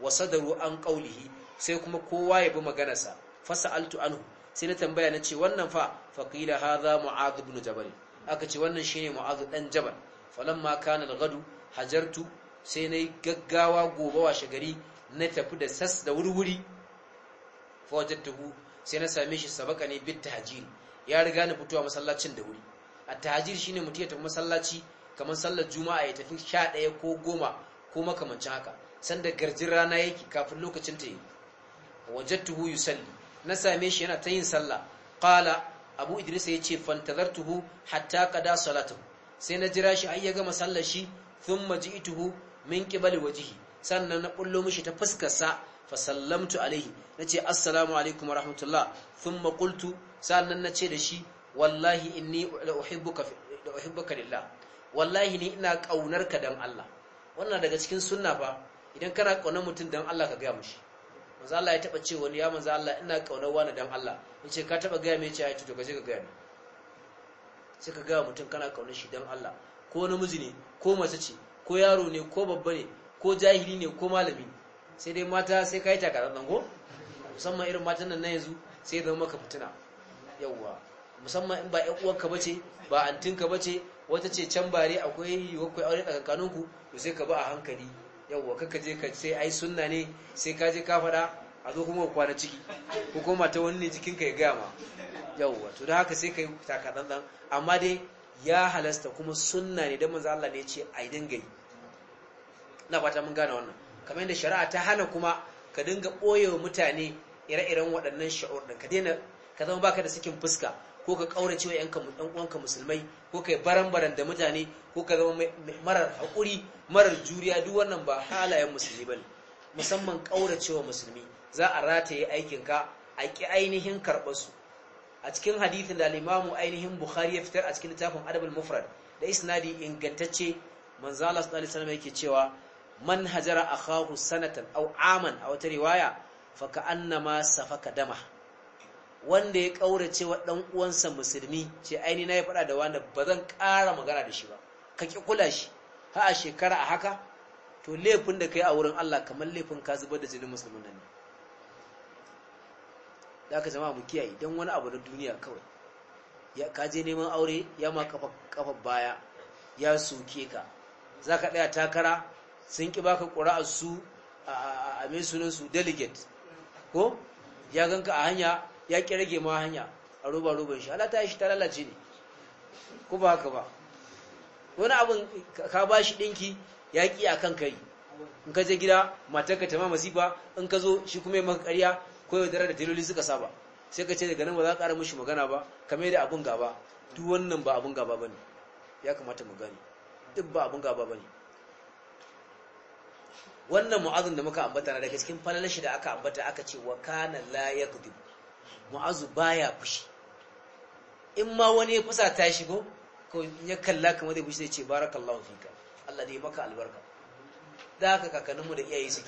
wasadaru an qaulihi sai kuma kowa ya bi sa maganarsa fasa'altu anhu sai na tambaya na ce wannan fa faqila hadha mu'adh ibn jabal aka ce wannan shine mu'adh dan jabal falamma kana al-ghadu hajartu sai nayi gaggawa gobe washe gari na tafi da sas da wurwuri fa sai na same shi sabaka ne bit tahjir ya riga ni fitowa masallacin da wuri a tahjir shine mutum ya tafi masallaci kamar sallar juma'a ya tafi 11 ko 10 ko makamancin haka sanda garjin rana yake kafin lokacin ta yi wajadtuhu yusalli na same shi yana ta yin sallah qala abu idris ya yace fantazartuhu hatta qada salatu. sai na jira shi ai ya gama sallar shi thumma ji'tuhu min qibali wajhi sannan na kullo mishi ta fuskarsa fa sallamtu alaihi nace assalamu alaikum wa rahmatullah thumma qultu sannan nace da shi wallahi inni uhibbuka uhibbuka lillah wallahi ni ina ƙaunarka dan Allah wannan daga cikin sunna fa idan kana kaunar mutum dan Allah ka ga mushi manzo Allah ya taba ce wani ya manzo Allah ina kaunar wani dan Allah yace ka taba ga mai ce ya to ka je ka ga ni sai ka ga mutum kana kaunar shi dan Allah ko namiji ne ko mace ce ko yaro ne ko babba ne ko jahili ne ko malami sai dai mata sai kai yi takarar dango musamman irin matan nan na yanzu sai zama maka fitina yawa musamman in ba 'yan uwarka ba ba antinka bace wata ce can bare akwai akwai aure a tsakankaninku to sai ka ba a hankali yawwa kaka je ka sai ai sunna ne sai ka je ka fada a zo kuma kwana ciki ko kuma ta wani ne jikinka ya gaya ma yawwa to da haka sai ka yi dan amma dai ya halasta kuma sunna ne don manzo Allah ne ya ce dinga yi na fata mun gane wannan kamar yadda shari'a ta hana kuma ka dinga ɓoye wa mutane ire-iren waɗannan sha'ur din ka daina ka zama baka da sakin fuska ko ka ƙaurace wa yanka ɗan uwanka musulmai ko kai baran-baran da mutane ko ka zama marar haƙuri marar juriya duk wannan ba halayen musulmi ba ne. musamman ƙaurace wa musulmi za a rataye aikin ka a ƙi ainihin karɓarsu. a cikin hadithin da limamu ainihin bukhari ya fitar a cikin littafin adabul mufrad da isnadi ingantacce manzo Allah sallallahu alaihi yake cewa man hajara akhahu sanatan aw aman a wata riwaya fa ka'annama ka dama wanda ya kaurace wa dan uwansa musulmi ce aini na ya faɗa da wanda ba zan ƙara magana da shi ba ka ki kula shi ha a shekara a haka to laifin da kai a wurin Allah kamar laifin ka zubar da jinin musulmin nan ne da aka jama'a mu kiyaye don wani abu na duniya kawai ya ka je neman aure ya ma kafa kafa baya ya soke ka za ka ɗaya takara sun ƙi baka ƙura'ar su a mai sunan su delegate ko ya ganka a hanya ya ki rage ma hanya a roba roban shi halata shi ta lalace ne ko ba haka ba wani abin ka ba shi ɗinki ya ki a kan kari in ka je gida matarka ta ma masifa in ka zo shi kuma yi maka ƙarya ko yaudara da diloli suka saba sai ka ce daga nan ba za ka ƙara mishi magana ba kame da abin gaba duk wannan ba abin gaba ba ne ya kamata mu gani duk ba abin gaba ba ne wannan mu'azin da muka ambata na daga cikin falalashi shi da aka ambata aka ce wa kana la yaqdib mu'azu baya fushi in ma wani ya fusa ta shigo ko ya kalla kamar zai fushi zai ce barakallahu fika Allah dai maka albarka da haka mu da iyaye suke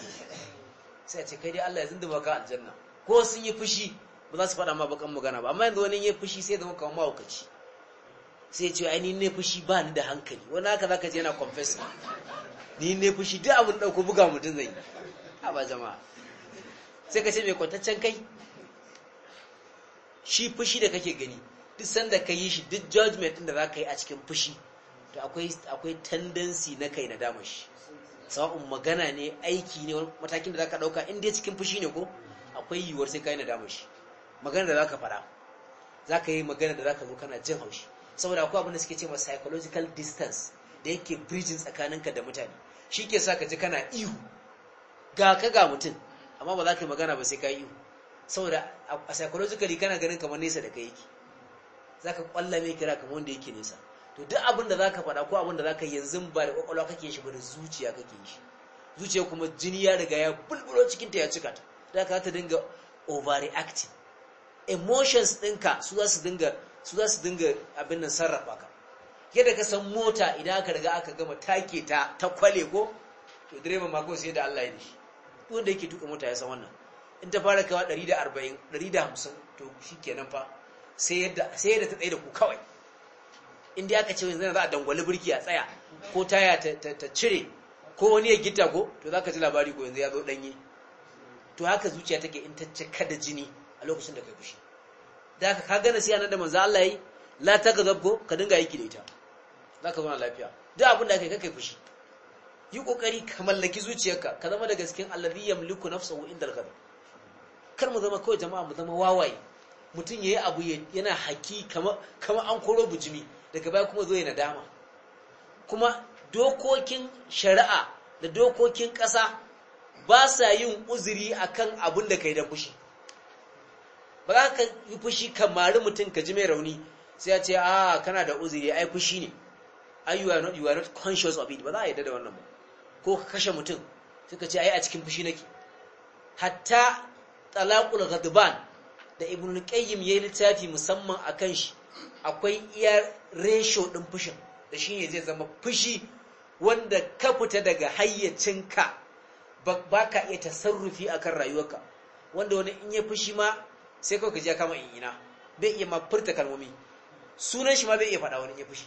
sai a ce kai dai Allah ya zinda maka aljanna ko sun yi fushi ba za su faɗa ma bakan magana ba amma yanzu wani ya fushi sai zama kamar mahaukaci sai ce ai ni ne fushi ba ni da hankali wani haka zaka je yana confess ni ne fushi duk abin dauko buga mutun zai a ba jama'a sai ka ce mai kwantaccen kai shi fushi da kake gani duk sanda ka yi shi duk judgment din da za ka yi a cikin fushi to akwai tendency na kai nadama shi sawa'un magana ne aiki ne matakin da za ka ɗauka inda ya cikin fushi ne ko akwai yiwuwar sai ka yi nadama shi magana da za ka faɗa za ka yi magana da za ka zo kana jin haushi saboda akwai abin da suke ce ma psychological distance da yake bridging tsakaninka da mutane shi ke sa ka ji kana ihu ga ka ga mutum amma ba za ka yi magana ba sai ka yi ihu saboda a psychologically kana ganin kamar nesa da kai yake zaka kwalla mai kira kamar wanda yake nesa to duk abin da zaka faɗa ko abin da zaka yanzu ba da kwakwalwa kake shi ba da zuciya kake shi zuciya kuma jini ya riga ya bulbulo cikin ta ya cika ta da ka ta dinga overreacting emotions ɗinka su za su dinga su za su dinga abin nan sarrafa ka yadda ka san mota idan aka riga aka gama take ta ta kwale ko to direba ma ko sai da Allah ya dishi wanda yake tuka mota ya san wannan in ta fara kawa 140 150 to shi kenan fa sai yadda sai yadda ta tsaye da ku kawai in aka ce yanzu za a dangwali birki a tsaya ko taya ta cire ko wani ya gita ko to za ka ji labari ko yanzu ya zo danye to haka zuciya take in ta cika da jini a lokacin da kai fushi da haka ka gane sai da manzo Allah yi la takzab zabgo ka dinga yi kidaita za ka zauna lafiya duk abin da kai kai fushi yi kokari ka mallaki zuciyarka ka zama da gaskin alladhi yamliku nafsahu inda al-ghadab kar mu zama kawai jama'a mu zama wawaye mutum ya yi abu yana haki kama an koro bujimi daga baya kuma zo ya dama. kuma dokokin shari'a da dokokin ƙasa ba sa yin uzuri kan abin da ka yi da fushi ba za ka yi fushi kamar mutum ka ji mai rauni sai ya ce a ah, kana da uzuri ai fushi ne ai you are not you of it ba za a yarda da wannan ba ko ka kashe mutum suka ce ai a cikin fushi nake hatta talaqul ghadban da ibnu qayyim yi littafi musamman akan shi akwai iya ratio din fushin da shine zai zama fushi wanda ka fita daga hayyacinka ba ka iya tasarrufi akan rayuwarka wanda wani in ya fushi ma sai kawai ka ji kama in ina bai iya ma kalmomi sunan shi ma bai iya faɗa wani ya fushi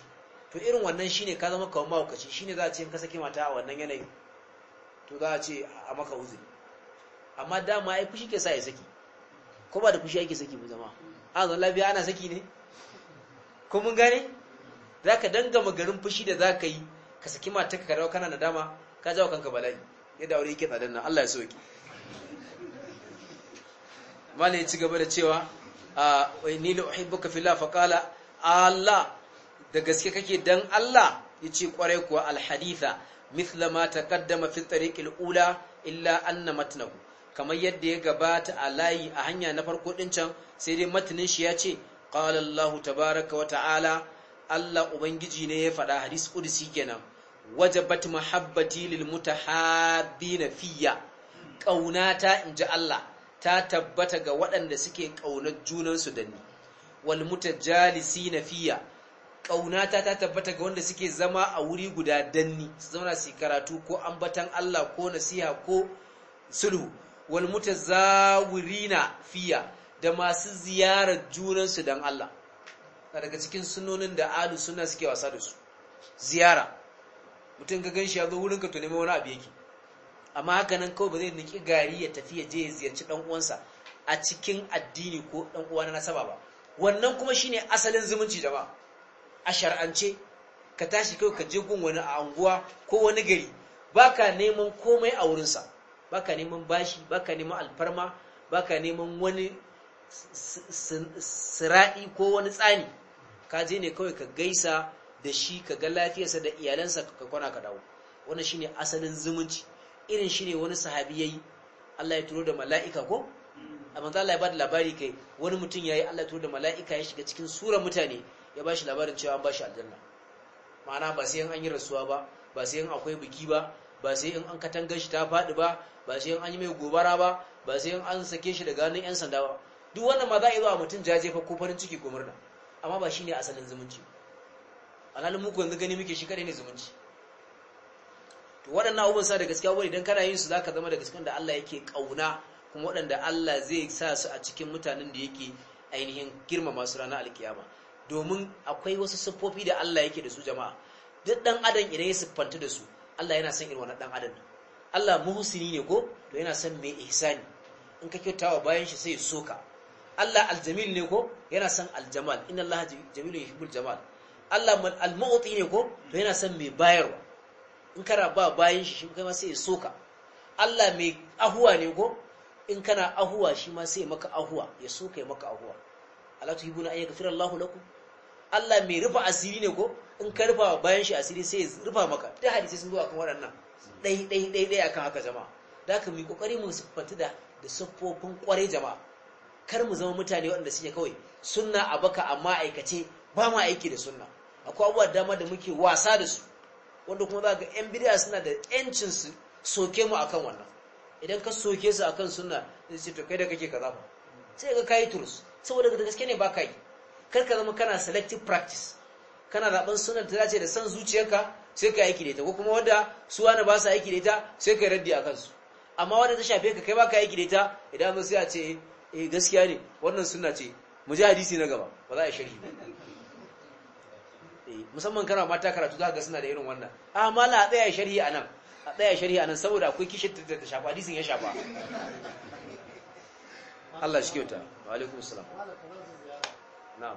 to irin wannan shine ka zama kawai mahaukaci shine za a ce in ka sake mata a wannan yanayi to za a ce a maka uzuri amma dama ai fushi ke sa ya saki ko ba da fushi ake saki mu zama a zan lafiya ana saki ne ko mun gane za ka dangama garin fushi da za ka yi ka saki mata ka karawa kana nadama ka jawo kanka bala'i yadda aure yake tsadan nan Allah ya soki malai ya ci gaba da cewa a ni la uhibbuka fillah fa qala Allah da gaske kake dan Allah yace kwarai kuwa alhaditha mithla ma taqaddama fi tariqil ula illa anna matnahu kamar yadda ya gabata a layi a hanya na farko din can sai dai matanin shi ya ce ƙalallahu tabaraka wa ta'ala Allah ubangiji ne ya faɗa Hadis qudsi kenan wajabat mahabbati lil mutahabbina fiyya ƙaunata in ji Allah ta tabbata ga waɗanda suke ƙaunar junansu da ni wal na fiyya ƙaunata ta tabbata ga wanda suke zama a wuri guda danni su zauna su karatu ko ambatan Allah ko nasiha ko sulhu wal mutazawirina fiya da masu ziyarar junansu don Allah daga cikin sunonin da alu suna suke wasa da su ziyara mutum ka gan shi ya zo wurin to neman wani abu yake amma haka nan kawai ba zai niki gari ya tafi ya je ya ziyarci dan uwansa a cikin addini ko dan uwa na nasaba ba wannan kuma shine asalin zumunci da ba. a shar'ance ka tashi kawai ka je gun wani a anguwa ko wani gari baka neman komai a wurinsa baka neman bashi baka neman alfarma baka neman wani sira'i ko wani tsani ka je ne kawai ka gaisa da shi ka ga lafiyarsa da iyalansa ka kwana ka dawo shi shine asalin zumunci irin shine wani sahabi ya yi Allah ya turo da mala'ika ko a manzan Allah ya bada labari kai wani mutum ya yi Allah ya turo da mala'ika ya shiga cikin sura mutane ya ba shi labarin cewa an ba shi aljanna ma'ana ba sai an yi rasuwa ba ba sai akwai biki ba ba sai in an katangar shi ta faɗi ba ba sai in an yi mai gobara ba ba sai in an sake shi daga hannun 'yan sanda ba duk wannan ma za a yi zuwa mutum jajefa ko farin ciki ko murna amma ba shi ne asalin zumunci alhalin muku yanzu gani muke shi kadai ne zumunci to waɗannan abubuwan sa da gaskiya wani idan kana yin su za ka zama da gaskiya da Allah yake ƙauna kuma waɗanda Allah zai sa su a cikin mutanen da yake ainihin girmama su ranar alkiyama domin akwai wasu siffofi da Allah yake da su jama'a duk ɗan adam idan ya siffanta da su Allah yana son irin wannan dan adam Allah muhsini ne ko to yana son mai ihsani in ka kyautawa bayan shi sai soka Allah aljamil ne ko yana son aljamal inna Allah jamilun yuhibbul jamal Allah almu'ti ne ko to yana son mai bayarwa in kana ba bayan shi shi kai ma sai soka Allah mai ahuwa ne ko in kana ahuwa shi ma sai maka ahuwa ya soka ya maka ahuwa Allah tuhibuna ayyaka firallahu lakum Allah mai rufa asiri ne ko in ka rufa bayan shi asiri sai ya rufa maka Ta hadisi sun zo akan waɗannan ɗai ɗai ɗai ɗai akan haka jama'a da ka mu yi ƙoƙari mu siffatu da da siffofin ƙwarai jama'a kar mu zama mutane waɗanda suke kawai sunna a baka amma aikace ba mu aiki da sunna akwai abubuwa dama da muke wasa da su wanda kuma za ga yan bidiya suna da yancin su soke mu akan wannan idan ka soke su akan sunna zai ce to kai da kake kaza ba sai ka kai turus saboda gaskiya ne ba ka kar ka zama kana selective practice kana zaben sunan ta dace da san zuciyarka sai ka aiki da ita ko kuma wanda su wani ba su aiki da ita sai ka raddi a kansu amma wanda ta shafe ka kai ba ka aiki da ita idan ba sai a ce eh gaskiya ne wannan sunna ce mu ji hadisi na gaba ba za a sharhi ba eh, musamman kana mata karatu za ka ga suna da irin wannan ah mala a tsaya sharhi nan a tsaya sharhi anan saboda akwai kishin da ta shafa hadisin ya shafa Allah shi kyauta wa alaikumus salam na'am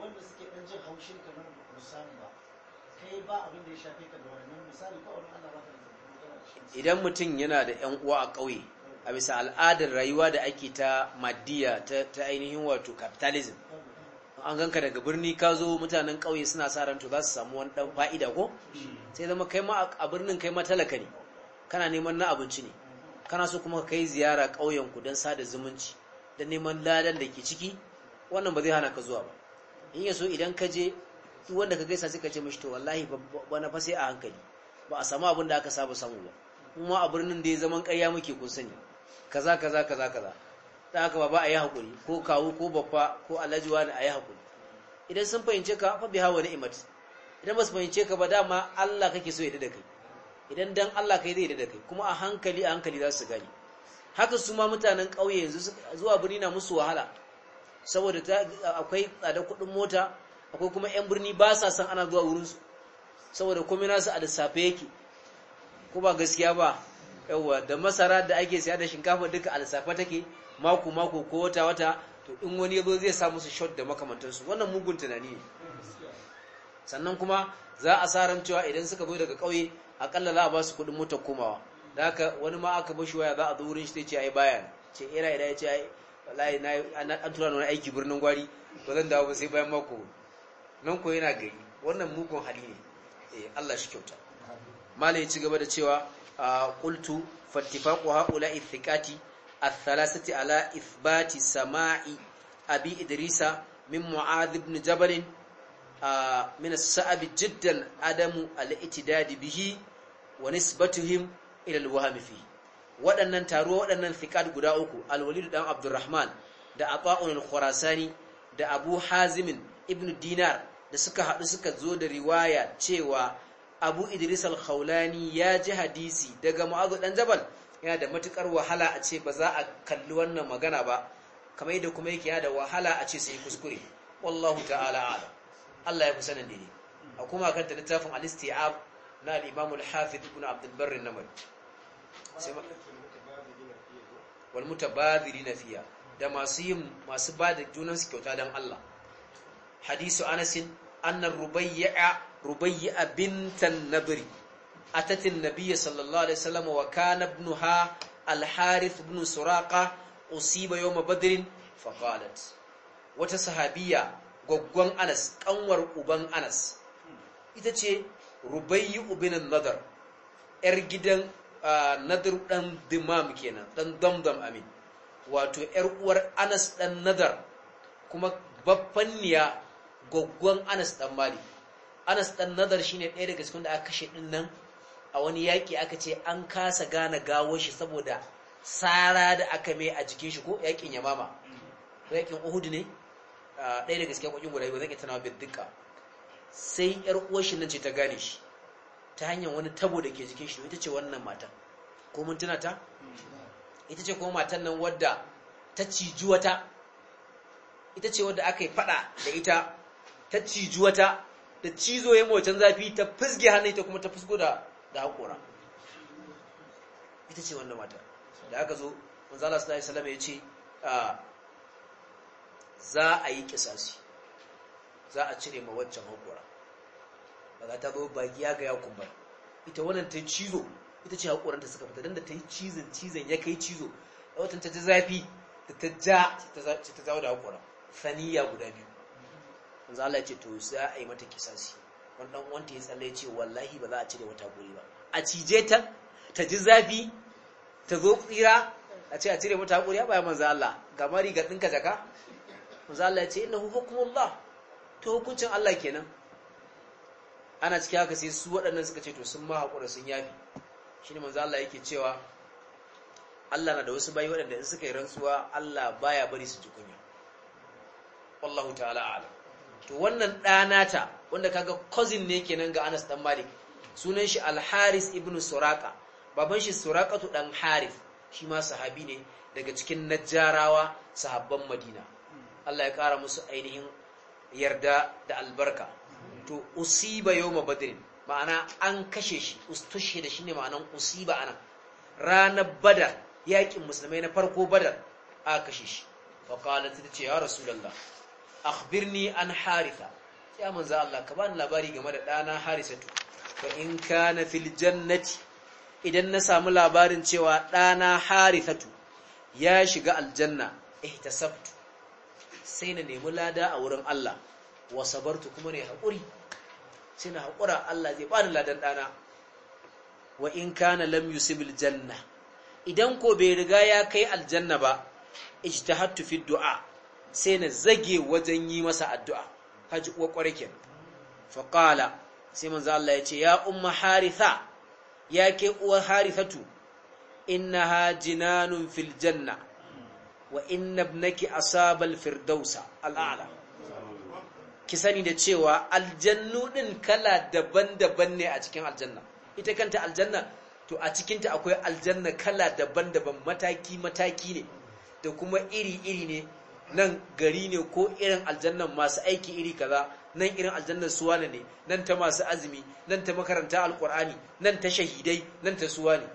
wanda suke ɗan jin haushin ka nan ba samu ba ba abin da ya shafe ka da wannan misali ko wani idan mutum yana da 'yan uwa a ƙauye a bisa al'adar rayuwa da ake ta maddiya ta ainihin wato capitalism an ganka daga birni ka zo mutanen ƙauye suna sa ran to za su samu wani ɗan fa'ida ko sai zama kai ma a birnin kai ma talaka ne kana neman na abinci ne kana so kuma kai ziyara ƙauyenku don sada zumunci da neman ladan da ke ciki wannan ba zai hana ka zuwa ba in yaso idan ka je duk wanda ka gaisa sai ka ce mishi to wallahi bana fa sai a hankali ba a samu abin da aka saba samu ba kuma a birnin da ya zaman ƙarya muke kun sani kaza kaza kaza kaza da haka ba ba a yi hakuri ko kawu ko babba ko alajiwa ne a yi hakuri idan sun fahimce ka fa biha wa ni'mat idan ba su fahimce ka ba dama Allah kake so ya dade kai idan dan Allah kai zai da kai kuma a hankali a hankali za su gani haka su ma mutanen ƙauye yanzu zuwa birni na musu wahala saboda akwai tsada kuɗin mota akwai kuma 'yan birni ba sa san ana zuwa wurinsu saboda komai a lissafe yake ko ba gaskiya ba yawwa da masara da ake siya da shinkafa duka a lissafe take mako mako ko wata wata to in wani yazo zai sa musu shot da makamantansu wannan mugun tunani ne sannan kuma za a sa ran cewa idan suka zo daga ƙauye akalla za a ba su kuɗin motar komawa da haka wani ma aka bashi waya za a zo wurin shi ce ai bayan ce ira ira ya ce ai wallahi na an tura ni aiki birnin gwari ba zan dawo ba sai bayan mako nan ko yana gari wannan mugun hali ne eh Allah shi kyauta mala ya ci gaba da cewa ah, qultu fattifaqu haula ithiqati athalathati ala ithbati sama'i abi idrisa min mu'adh ibn jabal ah, min as-sa'ib jiddan adamu al-ittidad bihi wa nisbatuhum ila al-wahm waɗannan taruwa waɗannan thiqat guda uku Alwalidu walid dan abdurrahman da aba'un al-khurasani da abu hazimin ibn dinar da suka haɗu suka zo da riwaya cewa abu idris al ya ji hadisi daga mu'azu dan jabal yana da matukar wahala a ce ba za a kalli wannan magana ba kamar yadda kuma yake yana da wahala a ce sai kuskure wallahu ta'ala a'lam Allah ya fi sanin dini a kuma kanta littafin al na al-imam al-hafiz ibn abdul barr an sai ba da dina fiya da masu yin masu ba da junan su kyauta don Allah hadisu anasin anna rubayya a bintan nabiri a an-nabiy sallallahu alaihi salama wa kana binu ha alharif binu suraka usiba yawm badr fa wata sahabiya goggon Anas kanwar uban Anas ita ce rubayyi ubinan nadar yar gidan nadar dan dimam kenan dan damdam amin wato yar uwar anas dan nadar kuma niya goggon anas dan mali anas dan nadar shine ɗaya daga cikin da aka kashe din nan a wani yaki aka ce an kasa gane gawo shi saboda sara da aka mai a jikin shi ko yaƙin yamama yaƙin uhud ne ɗaya daga cikin kwakin guda biyu zan iya sai yar uwar shi nan ce ta gane shi ta hanyar wani tabo da ke jikin shi ita ce wannan matan ko mun tuna ta ita ce kuma matan nan wadda ta ciji wata ita ce wadda aka yi fada da ita ta ciji wata da cizo ya mawacin zafi ta fusge hannun ita kuma ta fusgo da haƙora ita ce wannan matan da aka zo manzala sallallahu alaihi wasallam ya ce za a yi kisasi za a cire ma waccan haƙora ba ta zo baki ya ga ya kumbura ita wannan ta cizo ita ce hakuranta suka fita don da ta yi cizon cizon ya kai cizo da watan ta ji zafi da ta ja ce ta zawo da haƙoran saniya guda biyu wanzu Allah ce to sai a yi mata kisasi wani ɗan wanta ya tsalle ce wallahi ba za a cire wata guri ba a cije ta ta ji zafi ta zo tsira a ce a cire mata haƙuri ba ya manzo Allah ga mari ga dinka jaka manzo Allah ya ce innahu hukmullah to hukuncin Allah kenan ana cikin haka sai su waɗannan suka ce to sun ma haƙura sun yafi shi ne manzo Allah yake cewa Allah na da wasu bayi waɗanda in suka yi rantsuwa Allah baya bari su ji kunya ta'ala a'lam to wannan ɗanata wanda kaga cousin ne kenan ga Anas dan Malik sunan shi Al-Haris ibn Suraka baban shi Surakatu dan haris shi ma sahabi ne daga cikin Najjarawa sahabban Madina Allah ya kara musu ainihin yarda da albarka to usiba yawma badrin ma'ana an kashe shi ustushe da shine ma'anan usiba ana ranar badar yaƙin musulmai na farko badar a kashe shi fa qalat ta ce ya rasulullah akhbirni an haritha ya manzo Allah ka bani labari game da dana harisatu fa in kana fil jannati idan na samu labarin cewa dana to ya shiga aljanna ihtasabtu sai na nemi lada a wurin Allah Wasabartu sabartu kuma ne haƙuri sai haƙura Allah zai ni ladan ɗana wa in kana lam yusibil janna idan ko bai riga ya kai aljanna ba ijtahattu fi du'a sai na zage wajen yi masa addu'a haji uwa ƙwarkin fa qala sai manzo Allah ya ce ya umma haritha ya ke uwar harithatu innaha jinanun fil janna wa inna ibnaki asabal firdausa al'ala ki sani da cewa aljannu din kala daban-daban ne a cikin aljanna ita kanta aljanna to a cikinta akwai aljanna kala daban-daban mataki-mataki ne da kuma iri-iri ne nan gari ne ko irin aljannan masu aiki iri kaza nan irin aljannan suwana ne nan ta masu azumi nan ta makaranta alkur'ani nan ta shahidai nan ta suwa ne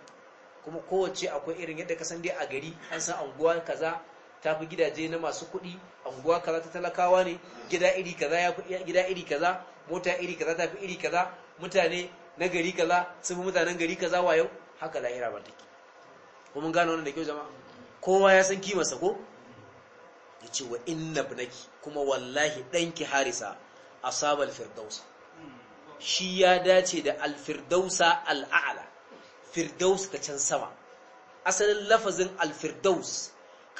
kuma kowace akwai irin yadda kasan dai a gari an san anguwa kaza ta fi gidaje na masu kuɗi anguwa kaza ta talakawa ne gida iri kaza ya fi gida iri kaza mota iri kaza ta fi iri kaza mutane na gari kaza sun fi mutanen gari kaza wa yau. haka lahira ba take ko mun gano wannan da kyau jama'a kowa ya san kimarsa ko ya ce wa inna ibnaki kuma wallahi ki harisa asabal firdausa shi ya dace da alfirdausa al'a'la firdaus ta can sama asalin lafazin alfirdaus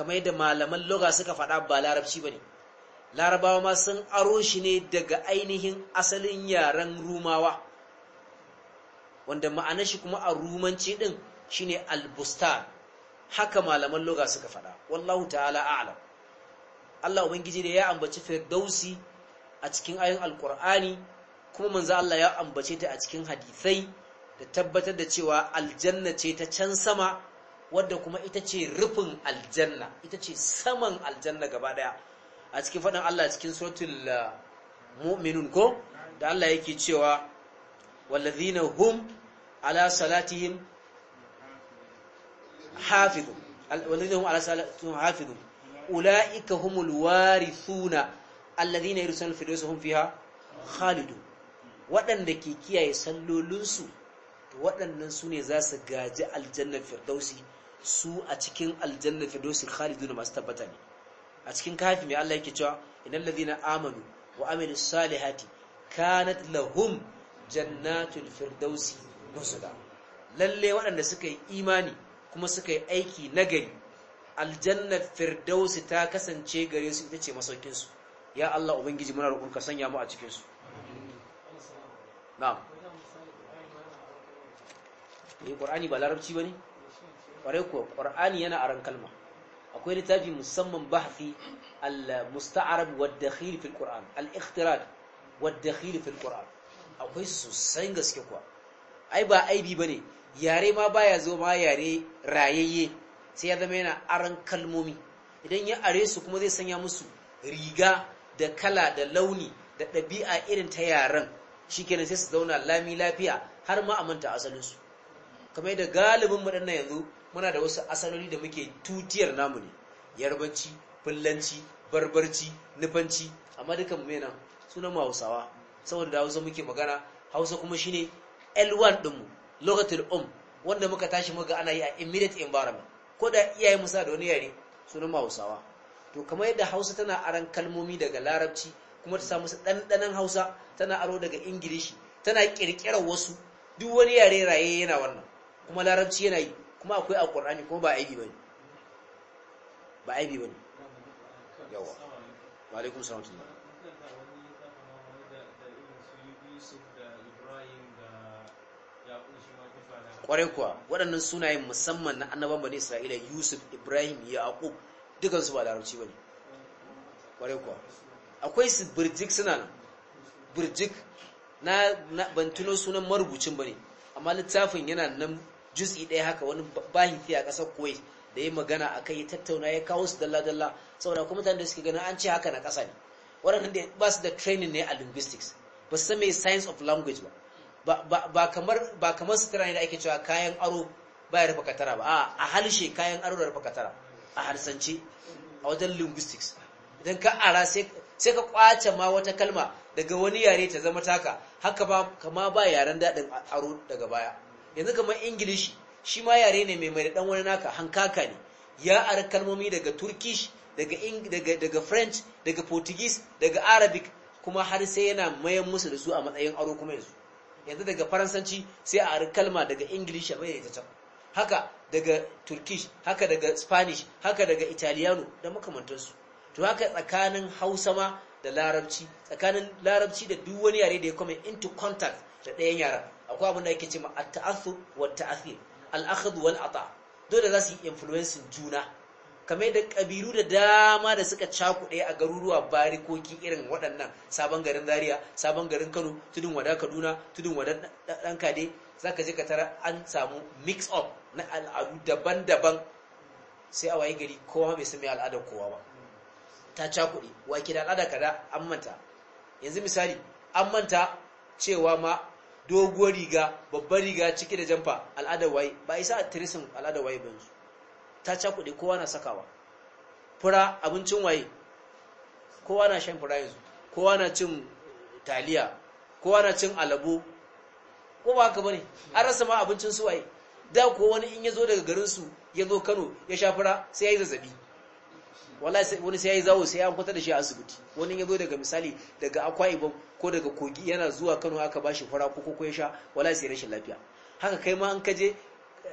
kamar yadda malaman loga suka faɗa ba larabci ba ne larabawa ma sun aro shi ne daga ainihin asalin yaren rumawa wanda ma'anar shi kuma a rumanci ɗin shine albustan haka malaman loga suka faɗa wallahu ta'ala a'lam Allah ubangiji da ya ambaci firdausi a cikin ayin alkur'ani kuma manzo Allah ya ambace ta a cikin hadisai da tabbatar da cewa aljanna ce ta can sama wadda kuma ita ce rufin aljanna ita ce saman aljanna gaba daya a cikin faɗin Allah cikin suratul uh, mu'minun ko da Allah yake cewa wallazina hum ala salatihim hafizun wallazina hum ala salatihim hafizun ulaika humul warithuna alladhina yursaluna firdausa fiha khalidun waɗanda ke kiyaye sallolinsu waɗannan su ne za su gaji aljannar firdausi su a cikin aljanna firdausi na masu tabbata ne a cikin kafin mai Allah yake cewa innal na amanu wa amilu salihati kanat lahum jannatul firdausi da. lalle waɗanda suka yi imani kuma suka yi aiki nagari Aljanna firdausi ta kasance gare su ita ce masaukinsu ya Allah ubangiji muna roƙon ka sanya mu a cikinsu. su na'am eh ba larabci bane kwarai kuwa ƙwar'ani yana aron kalma akwai littafi musamman bahfi al-musta'arab wa dakhil fil qur'an al-ikhtirad wa dakhil fil qur'an akwai sosai gaske kuwa ai ba aibi ba ne yare ma baya zo ma yare rayayye sai ya zama yana aron kalmomi idan ya are su kuma zai sanya musu riga da kala da launi da ɗabi'a irin ta yaren shikenan sai su zauna lami lafiya har ma a manta asalinsu kamar yadda galibin ɗan yanzu muna da wasu asaloli da muke tutiyar namu ne yarbanci fullanci barbarci nufanci amma dukan mu yana sunan hausawa saboda da hausa muke magana hausa kuma shine l1 dinmu lokacin um wanda muka tashi muka ana yi a immediate environment ko da iyaye musa da wani yare sunan hausawa to kamar yadda hausa tana aron kalmomi daga larabci kuma ta samu ɗanɗanon hausa tana aro daga ingilishi tana ƙirƙirar wasu duk wani yare raye yana wannan kuma larabci yana yi kuma akwai a ƙwararri kuma ba aibi bane ba aibi bane yawa kuma alaikum salam kwarai kuwa waɗannan sunayen musamman na annaban bane isra'ila yusuf ibrahim yaqub dukansu ba larabci ba ne kwarai kuwa akwai su birjik suna nan birjik na, na ban tuno sunan marubucin ba ne amma littafin yana nan juz'i ɗaya haka wani fiye a ƙasar kuwait da ya magana a kai ya tattauna ya kawo su dalla-dalla saboda kuma mutane da suke ganin an ce haka na ƙasa ne waɗannan da ba su da training ne a linguistics ba su mai science of language ba ba kamar su tara ne da ake cewa kayan aro ba ya rufe katara ba a halshe kayan aro da rufe katara a harsance a wajen linguistics idan ka ara sai ka kwace ma wata kalma daga wani yare ta zama taka haka ba kama ba yaren daɗin aro daga baya yanzu kamar ingilishi shi ma yare ne mai mai dan wani naka hankaka ne ya ara kalmomi daga turkish daga daga daga french daga portuguese daga arabic kuma har sai yana mayan musu da su a matsayin aro kuma yanzu yanzu daga faransanci sai a ari kalma daga ingilishi mai ita can haka daga turkish haka daga spanish haka daga italiano da makamantansu to haka tsakanin hausa ma da larabci tsakanin larabci da duk wani yare da ya kuma into contact da ɗayan yaran akwai abin da yake ce ma at-ta'assu wa at-ta'athir al-akhdh wal ata dole za su yi influencing juna kamar da kabiru da dama da suka cakuɗe a garuruwa barikoki irin waɗannan sabon garin zaria sabon garin kano tudun wada kaduna tudun wada ɗan kade za ka je ka tara an samu mix up na al'adu daban-daban sai a waye gari kowa bai sami al'adar kowa ba ta cakuɗe wake da al'ada kada an manta yanzu misali an manta cewa ma doguwar riga babbar riga cike da jamfa al'adar waye ba isa a tirisin al'adar waye banzu ta cakuɗe kowa na sakawa fura abincin waye kowa na shan fura yanzu kowa na cin taliya kowa na cin alabo ko ba haka bane an rasa ma abincin su waye da ko wani in ya zo daga garinsu ya zo Kano ya sha fura sai ya yi zazzabi wallahi wani sai yayi zawo sai an kwata da shi a asibiti wani ya zo daga misali daga akwa ba ko daga kogi yana zuwa Kano aka bashi fara ko ko ya sha wallahi sai rashin lafiya haka kai ma an kaje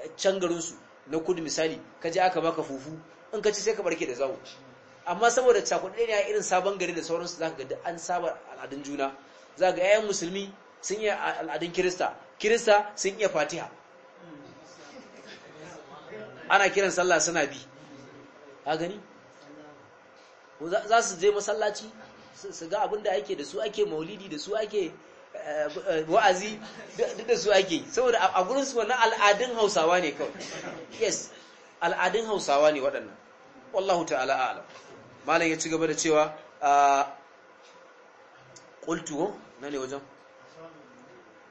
eh, can garin na kudu misali kaje aka maka fufu in ka ci sai ka barke da zawo amma saboda cakuɗe ne a irin sabon gari da sauransu zaka ga duk an saba al'adun juna zaka ga 'ya'yan musulmi sun iya al'adun kirista kirista sun iya fatiha ana kiran sallah suna bi a gani za su je masallaci su ga abin da ake da su ake maulidi da su ake eh, eh, wa'azi da su ake saboda a gurin su wannan al'adun hausawa ne kawai yes al'adun hausawa ne waɗannan wallahu ta'ala a'lam malam ya ci gaba da cewa ƙultuwo oh, na ne wajen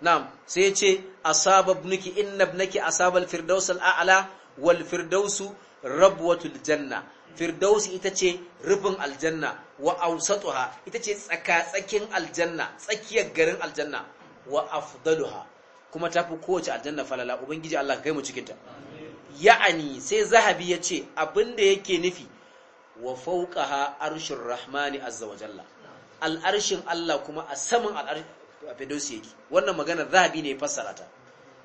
na'am sai ya ce asaba ibniki inna ibnaki asaba al-firdaus al-a'la wal firdausu rabwatul janna firdausi ita ce rufin aljanna wa ausatuha ita ce tsakatsakin aljanna tsakiyar garin aljanna wa afdaluha kuma tafi kowace aljanna falala ubangiji Allah kai mu cikin ta ya'ani sai zahabi yace abinda yake nufi wa fawqaha arshur rahmani azza wa jalla al'arshin Allah kuma a saman al'arshin yake wannan magana zahabi ne fassara ta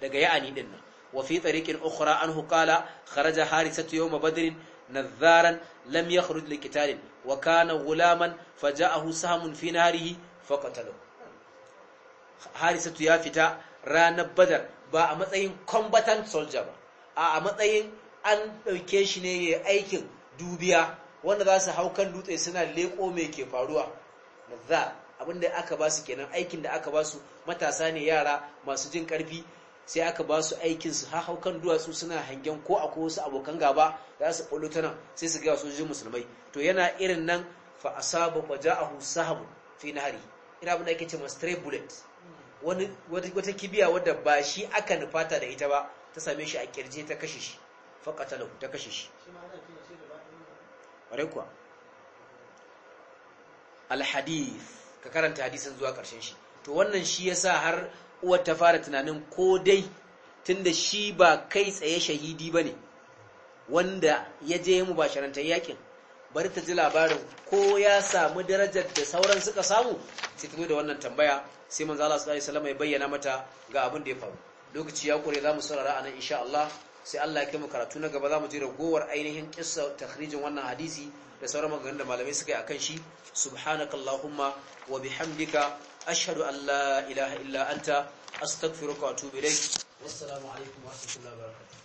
daga ya'ani din nan wa fi tariqin ukhra anhu qala kharaja ma yawma badrin nadharan lam yakhruj liqitalin wa kana gulaman faja'ahu sahmun fi narihi ya fita ranar badar ba a matsayin combatant soldier ba A'a matsayin an ɗauke shi ne ya aikin dubiya wanda za su hau kan dutse suna leƙo mai ke faruwa nadhar abinda aka ba su kenan aikin da aka ba su matasa ne yara masu jin ƙarfi sai aka ba su aikin su haukan duwatsu suna hangen ko akwai wasu abokan gaba za su bullo ta nan sai su ga sojojin musulmai to yana irin nan fa asaba fa ja'ahu sahabu fi nahari ina abin da ake cewa stray bullet wani wata kibiya wadda ba shi aka nufata da ita ba ta same shi a kirje ta kashe shi fa qatalahu ta kashe shi ƙwarai kuwa al ka karanta hadisin zuwa ƙarshen shi to wannan shi yasa har uwar ta fara tunanin ko dai tunda shi ba kai tsaye shahidi ba ne wanda ya je mu ba sharantar yakin bari ta ji labarin ko ya samu darajar da sauran suka samu sai ta da wannan tambaya sai manzo Allah sallallahu alaihi wasallam ya bayyana mata ga abin da ya faru lokaci ya kore zamu saurara anan insha Allah sai Allah ya kai mu karatu na gaba zamu je ragowar ainihin kissa takhrijin wannan hadisi da sauran maganganun da malamai suka yi akan shi subhanakallahumma wa bihamdika ashadu an la ilaha illa anta astaghfiruka wa atubu ilayk wassalamu alaikum wa rahmatullahi